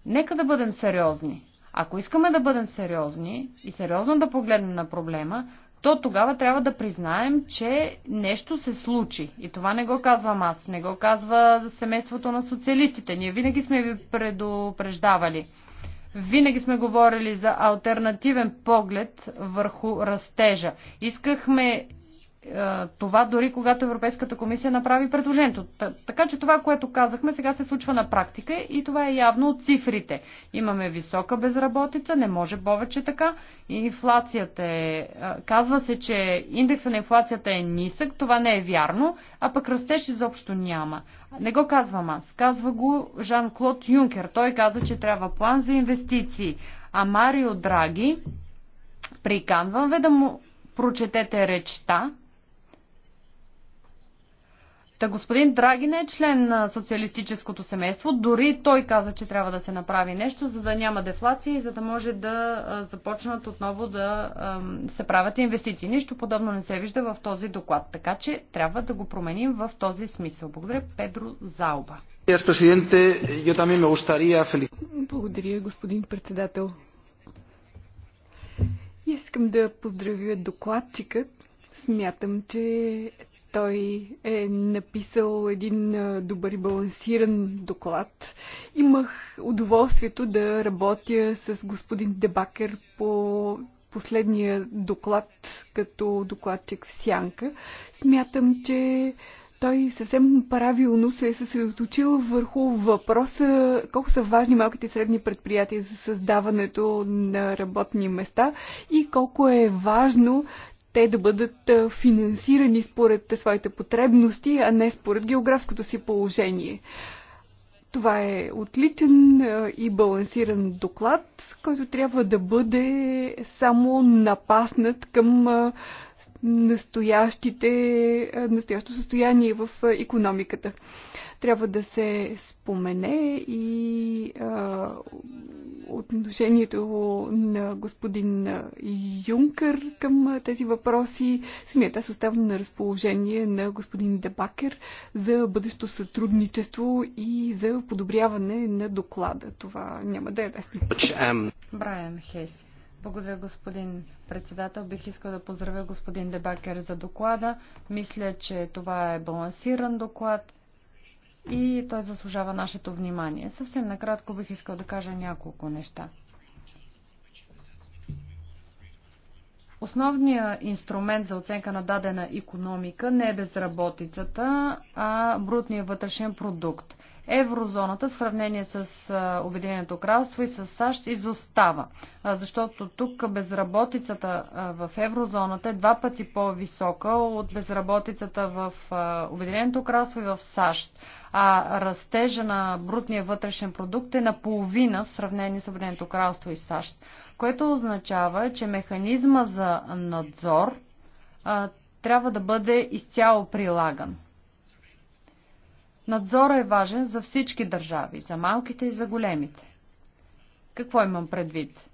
Нека да бъдем сериозни. Ако искаме да бъдем сериозни и сериозно да погледнем на проблема, то тогава трябва да признаем, че нещо се случи. И това не го казвам аз, не го казва семейството на социалистите. Ние винаги сме ви предупреждавали. Винаги сме говорили за альтернативен поглед върху растежа. Искахме това дори когато Европейската комисия направи предложението. Така че това, което казахме, сега се случва на практика и това е явно от цифрите. Имаме висока безработица, не може повече така. Инфлацията е... Казва се, че индекса на инфлацията е нисък, това не е вярно, а пък растеж изобщо няма. Не го казвам аз, казва го Жан-Клод Юнкер. Той каза, че трябва план за инвестиции. А Марио Драги, приканвам ве да му прочетете речта, Та господин Драгин е член на социалистическото семейство. Дори той каза, че трябва да се направи нещо, за да няма дефлация и за да може да започнат отново да се правят инвестиции. Нищо подобно не се вижда в този доклад. Така че трябва да го променим в този смисъл. Благодаря, Педро Залба. Благодаря, господин председател. Искам да поздравя докладчикът. Смятам, че той е написал един добър и балансиран доклад. Имах удоволствието да работя с господин Дебакер по последния доклад като докладчик в Сянка. Смятам, че той съвсем правилно се е съсредоточил върху въпроса колко са важни малките и средни предприятия за създаването на работни места и колко е важно те да бъдат финансирани според своите потребности, а не според географското си положение. Това е отличен и балансиран доклад, който трябва да бъде само напаснат към настоящите, настоящо състояние в економиката трябва да се спомене и а, отношението на господин Юнкър към тези въпроси. Самият аз оставам на разположение на господин Дебакер за бъдещо сътрудничество и за подобряване на доклада. Това няма да е лесно. Брайан Хейс. Благодаря, господин председател. Бих искал да поздравя господин Дебакер за доклада. Мисля, че това е балансиран доклад и той заслужава нашето внимание. Съвсем накратко бих искал да кажа няколко неща. Основният инструмент за оценка на дадена економика не е безработицата, а брутният вътрешен продукт еврозоната в сравнение с Обединеното кралство и с САЩ изостава, защото тук безработицата в еврозоната е два пъти по-висока от безработицата в Обединеното кралство и в САЩ, а растежа на брутния вътрешен продукт е наполовина в сравнение с Обединеното кралство и САЩ, което означава, че механизма за надзор трябва да бъде изцяло прилаган. Надзора е важен за всички държави, за малките и за големите. Какво имам предвид?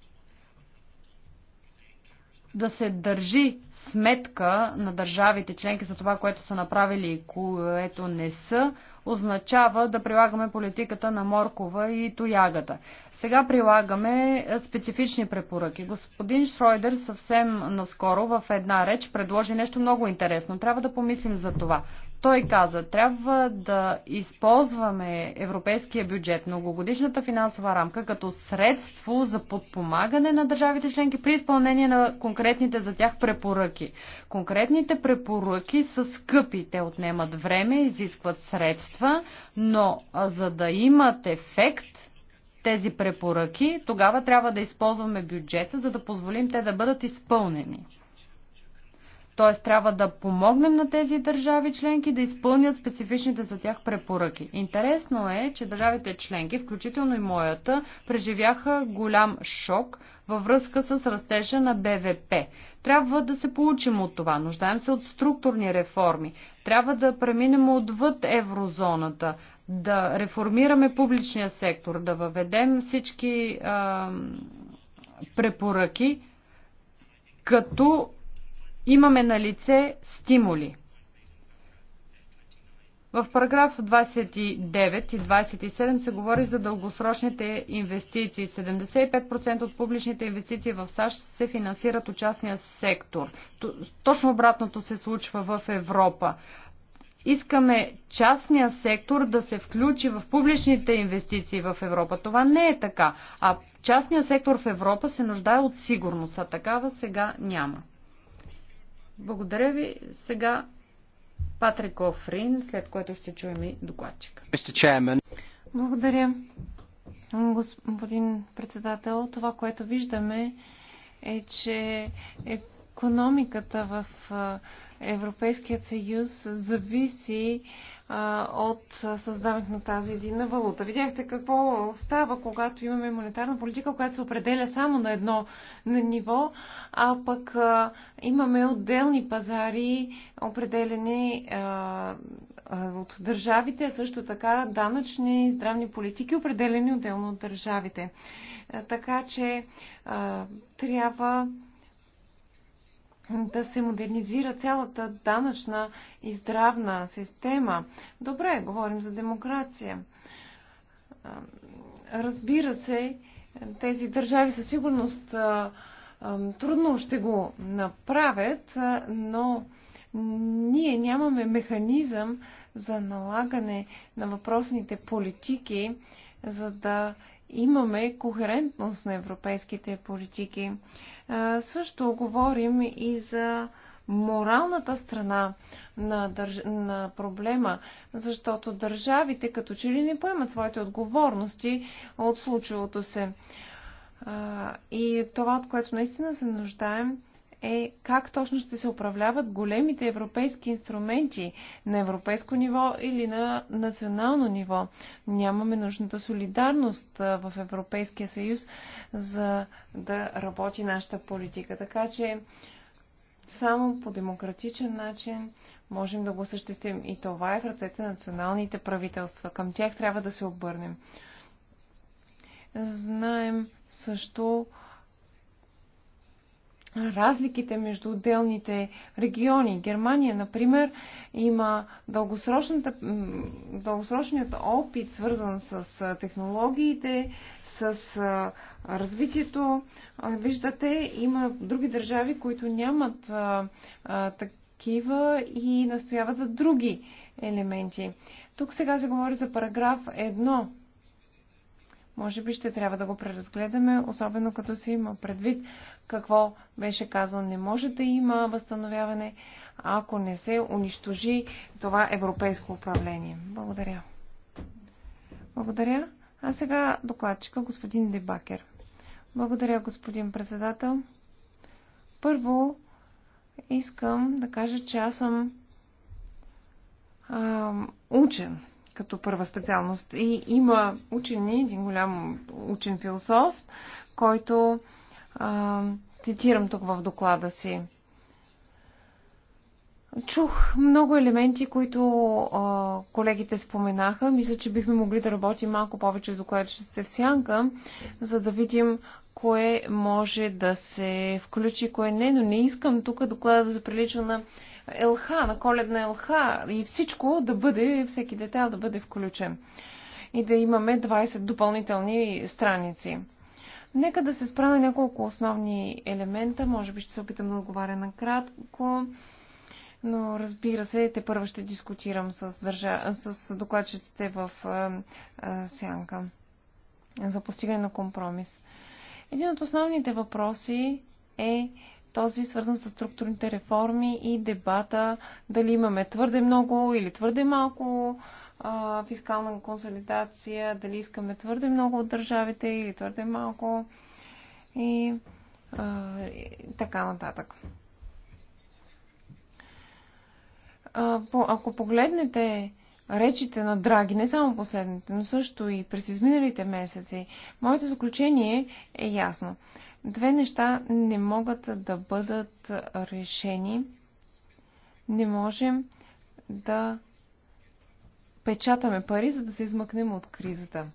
Да се държи сметка на държавите членки за това, което са направили и което не са, означава да прилагаме политиката на моркова и тоягата. Сега прилагаме специфични препоръки. Господин Шройдер съвсем наскоро в една реч предложи нещо много интересно. Трябва да помислим за това. Той каза, трябва да използваме европейския бюджет, многогодишната финансова рамка, като средство за подпомагане на държавите членки при изпълнение на конкретните за тях препоръки. Конкретните препоръки са скъпи, те отнемат време, изискват средства, но за да имат ефект, тези препоръки, тогава трябва да използваме бюджета, за да позволим те да бъдат изпълнени. Т.е. трябва да помогнем на тези държави членки да изпълнят специфичните за тях препоръки. Интересно е, че държавите членки, включително и моята, преживяха голям шок във връзка с растежа на БВП. Трябва да се получим от това. Нуждаем се от структурни реформи. Трябва да преминем отвъд еврозоната, да реформираме публичния сектор, да въведем всички а, препоръки, като имаме на лице стимули. В параграф 29 и 27 се говори за дългосрочните инвестиции. 75% от публичните инвестиции в САЩ се финансират от частния сектор. Точно обратното се случва в Европа. Искаме частния сектор да се включи в публичните инвестиции в Европа. Това не е така. А частният сектор в Европа се нуждае от сигурност, а такава сега няма. Благодаря ви. Сега Патрик Офрин, след което ще чуем и докладчика. Благодаря. Господин председател, това, което виждаме е, че економиката в Европейският съюз зависи от създаването на тази единна валута. Видяхте какво става, когато имаме монетарна политика, която се определя само на едно ниво, а пък имаме отделни пазари, определени от държавите, а също така данъчни и здравни политики, определени отделно от държавите. Така че трябва да се модернизира цялата данъчна и здравна система. Добре, говорим за демокрация. Разбира се, тези държави със сигурност трудно ще го направят, но ние нямаме механизъм за налагане на въпросните политики, за да имаме кохерентност на европейските политики. Също говорим и за моралната страна на, държ... на проблема, защото държавите като че ли не поемат своите отговорности от случилото се. И това, от което наистина се нуждаем, е как точно ще се управляват големите европейски инструменти на европейско ниво или на национално ниво. Нямаме нужната солидарност в Европейския съюз за да работи нашата политика. Така че само по демократичен начин можем да го съществим. И това е в ръцете на националните правителства. Към тях трябва да се обърнем. Знаем също, разликите между отделните региони. Германия, например, има дългосрочният опит, свързан с технологиите, с развитието. Виждате, има други държави, които нямат такива и настояват за други елементи. Тук сега се говори за параграф може би ще трябва да го преразгледаме, особено като се има предвид какво беше казано. Не може да има възстановяване, ако не се унищожи това европейско управление. Благодаря. Благодаря. А сега докладчика господин Дебакер. Благодаря, господин председател. Първо, искам да кажа, че аз съм а, учен като първа специалност. И има учени, един голям учен философ, който а, цитирам тук в доклада си. Чух много елементи, които а, колегите споменаха. Мисля, че бихме могли да работим малко повече с докладчиците в сянка, за да видим кое може да се включи, кое не, но не искам тук доклада да заприлича на ЛХ, на коледна ЛХ и всичко да бъде, всеки детайл да бъде включен. И да имаме 20 допълнителни страници. Нека да се спра на няколко основни елемента. Може би ще се опитам да отговаря накратко. Но разбира се, те първо ще дискутирам с, държа... с докладчиците в а, е, а, е, сянка за постигане на компромис. Един от основните въпроси е този свързан с структурните реформи и дебата дали имаме твърде много или твърде малко а, фискална консолидация, дали искаме твърде много от държавите или твърде малко и, а, и така нататък. А, по, ако погледнете речите на Драги, не само последните, но също и през изминалите месеци, моето заключение е ясно. Две неща не могат да бъдат решени. Не можем да печатаме пари, за да се измъкнем от кризата.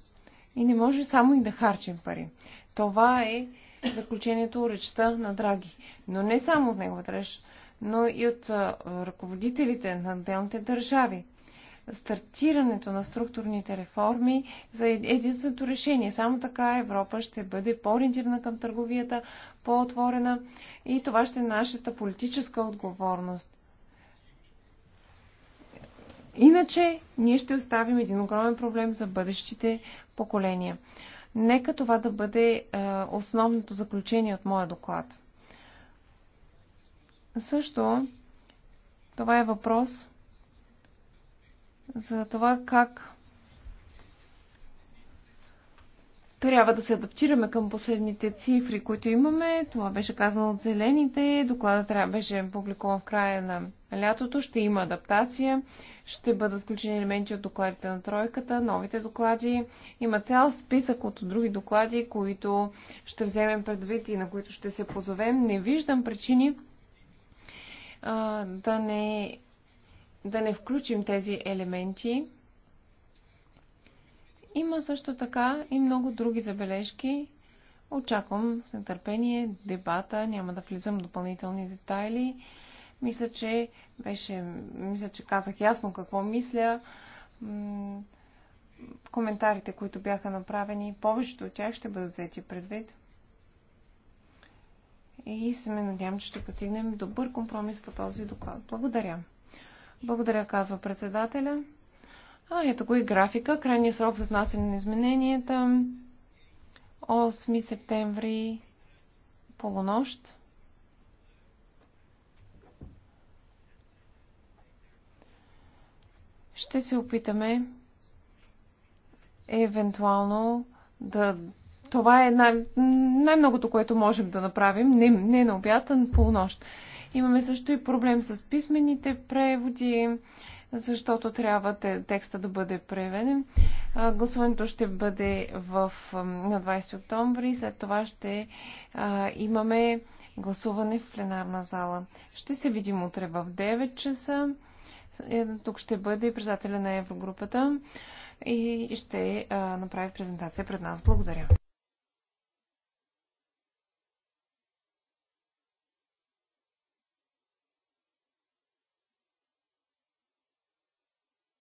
И не може само и да харчим пари. Това е заключението речта на Драги. Но не само от неговата реч, но и от ръководителите на отделните държави стартирането на структурните реформи за единственото решение. Само така Европа ще бъде по-ориентирана към търговията, по-отворена и това ще е нашата политическа отговорност. Иначе ние ще оставим един огромен проблем за бъдещите поколения. Нека това да бъде е, основното заключение от моя доклад. Също това е въпрос, за това как трябва да се адаптираме към последните цифри, които имаме. Това беше казано от зелените. Докладът трябва беше публикуван в края на лятото. Ще има адаптация. Ще бъдат включени елементи от докладите на тройката, новите доклади. Има цял списък от други доклади, които ще вземем предвид и на които ще се позовем. Не виждам причини а, да не да не включим тези елементи. Има също така и много други забележки. Очаквам с нетърпение дебата, няма да влизам в допълнителни детайли. Мисля, че беше, мисля, че казах ясно какво мисля. Коментарите, които бяха направени, повечето от тях ще бъдат взети предвид. И се ме надявам, че ще постигнем добър компромис по този доклад. Благодаря. Благодаря, казва председателя. А, ето го и графика. Крайният срок за внасяне на измененията 8 септември полунощ. Ще се опитаме евентуално да... Това е най- най-многото, което можем да направим. Не, не на обяд, а на полунощ. Имаме също и проблем с писмените преводи, защото трябва текста да бъде преведен. Гласуването ще бъде в, на 20 октомври, след това ще а, имаме гласуване в пленарна зала. Ще се видим утре в 9 часа. Е, тук ще бъде председателя на Еврогрупата и ще направи презентация пред нас. Благодаря.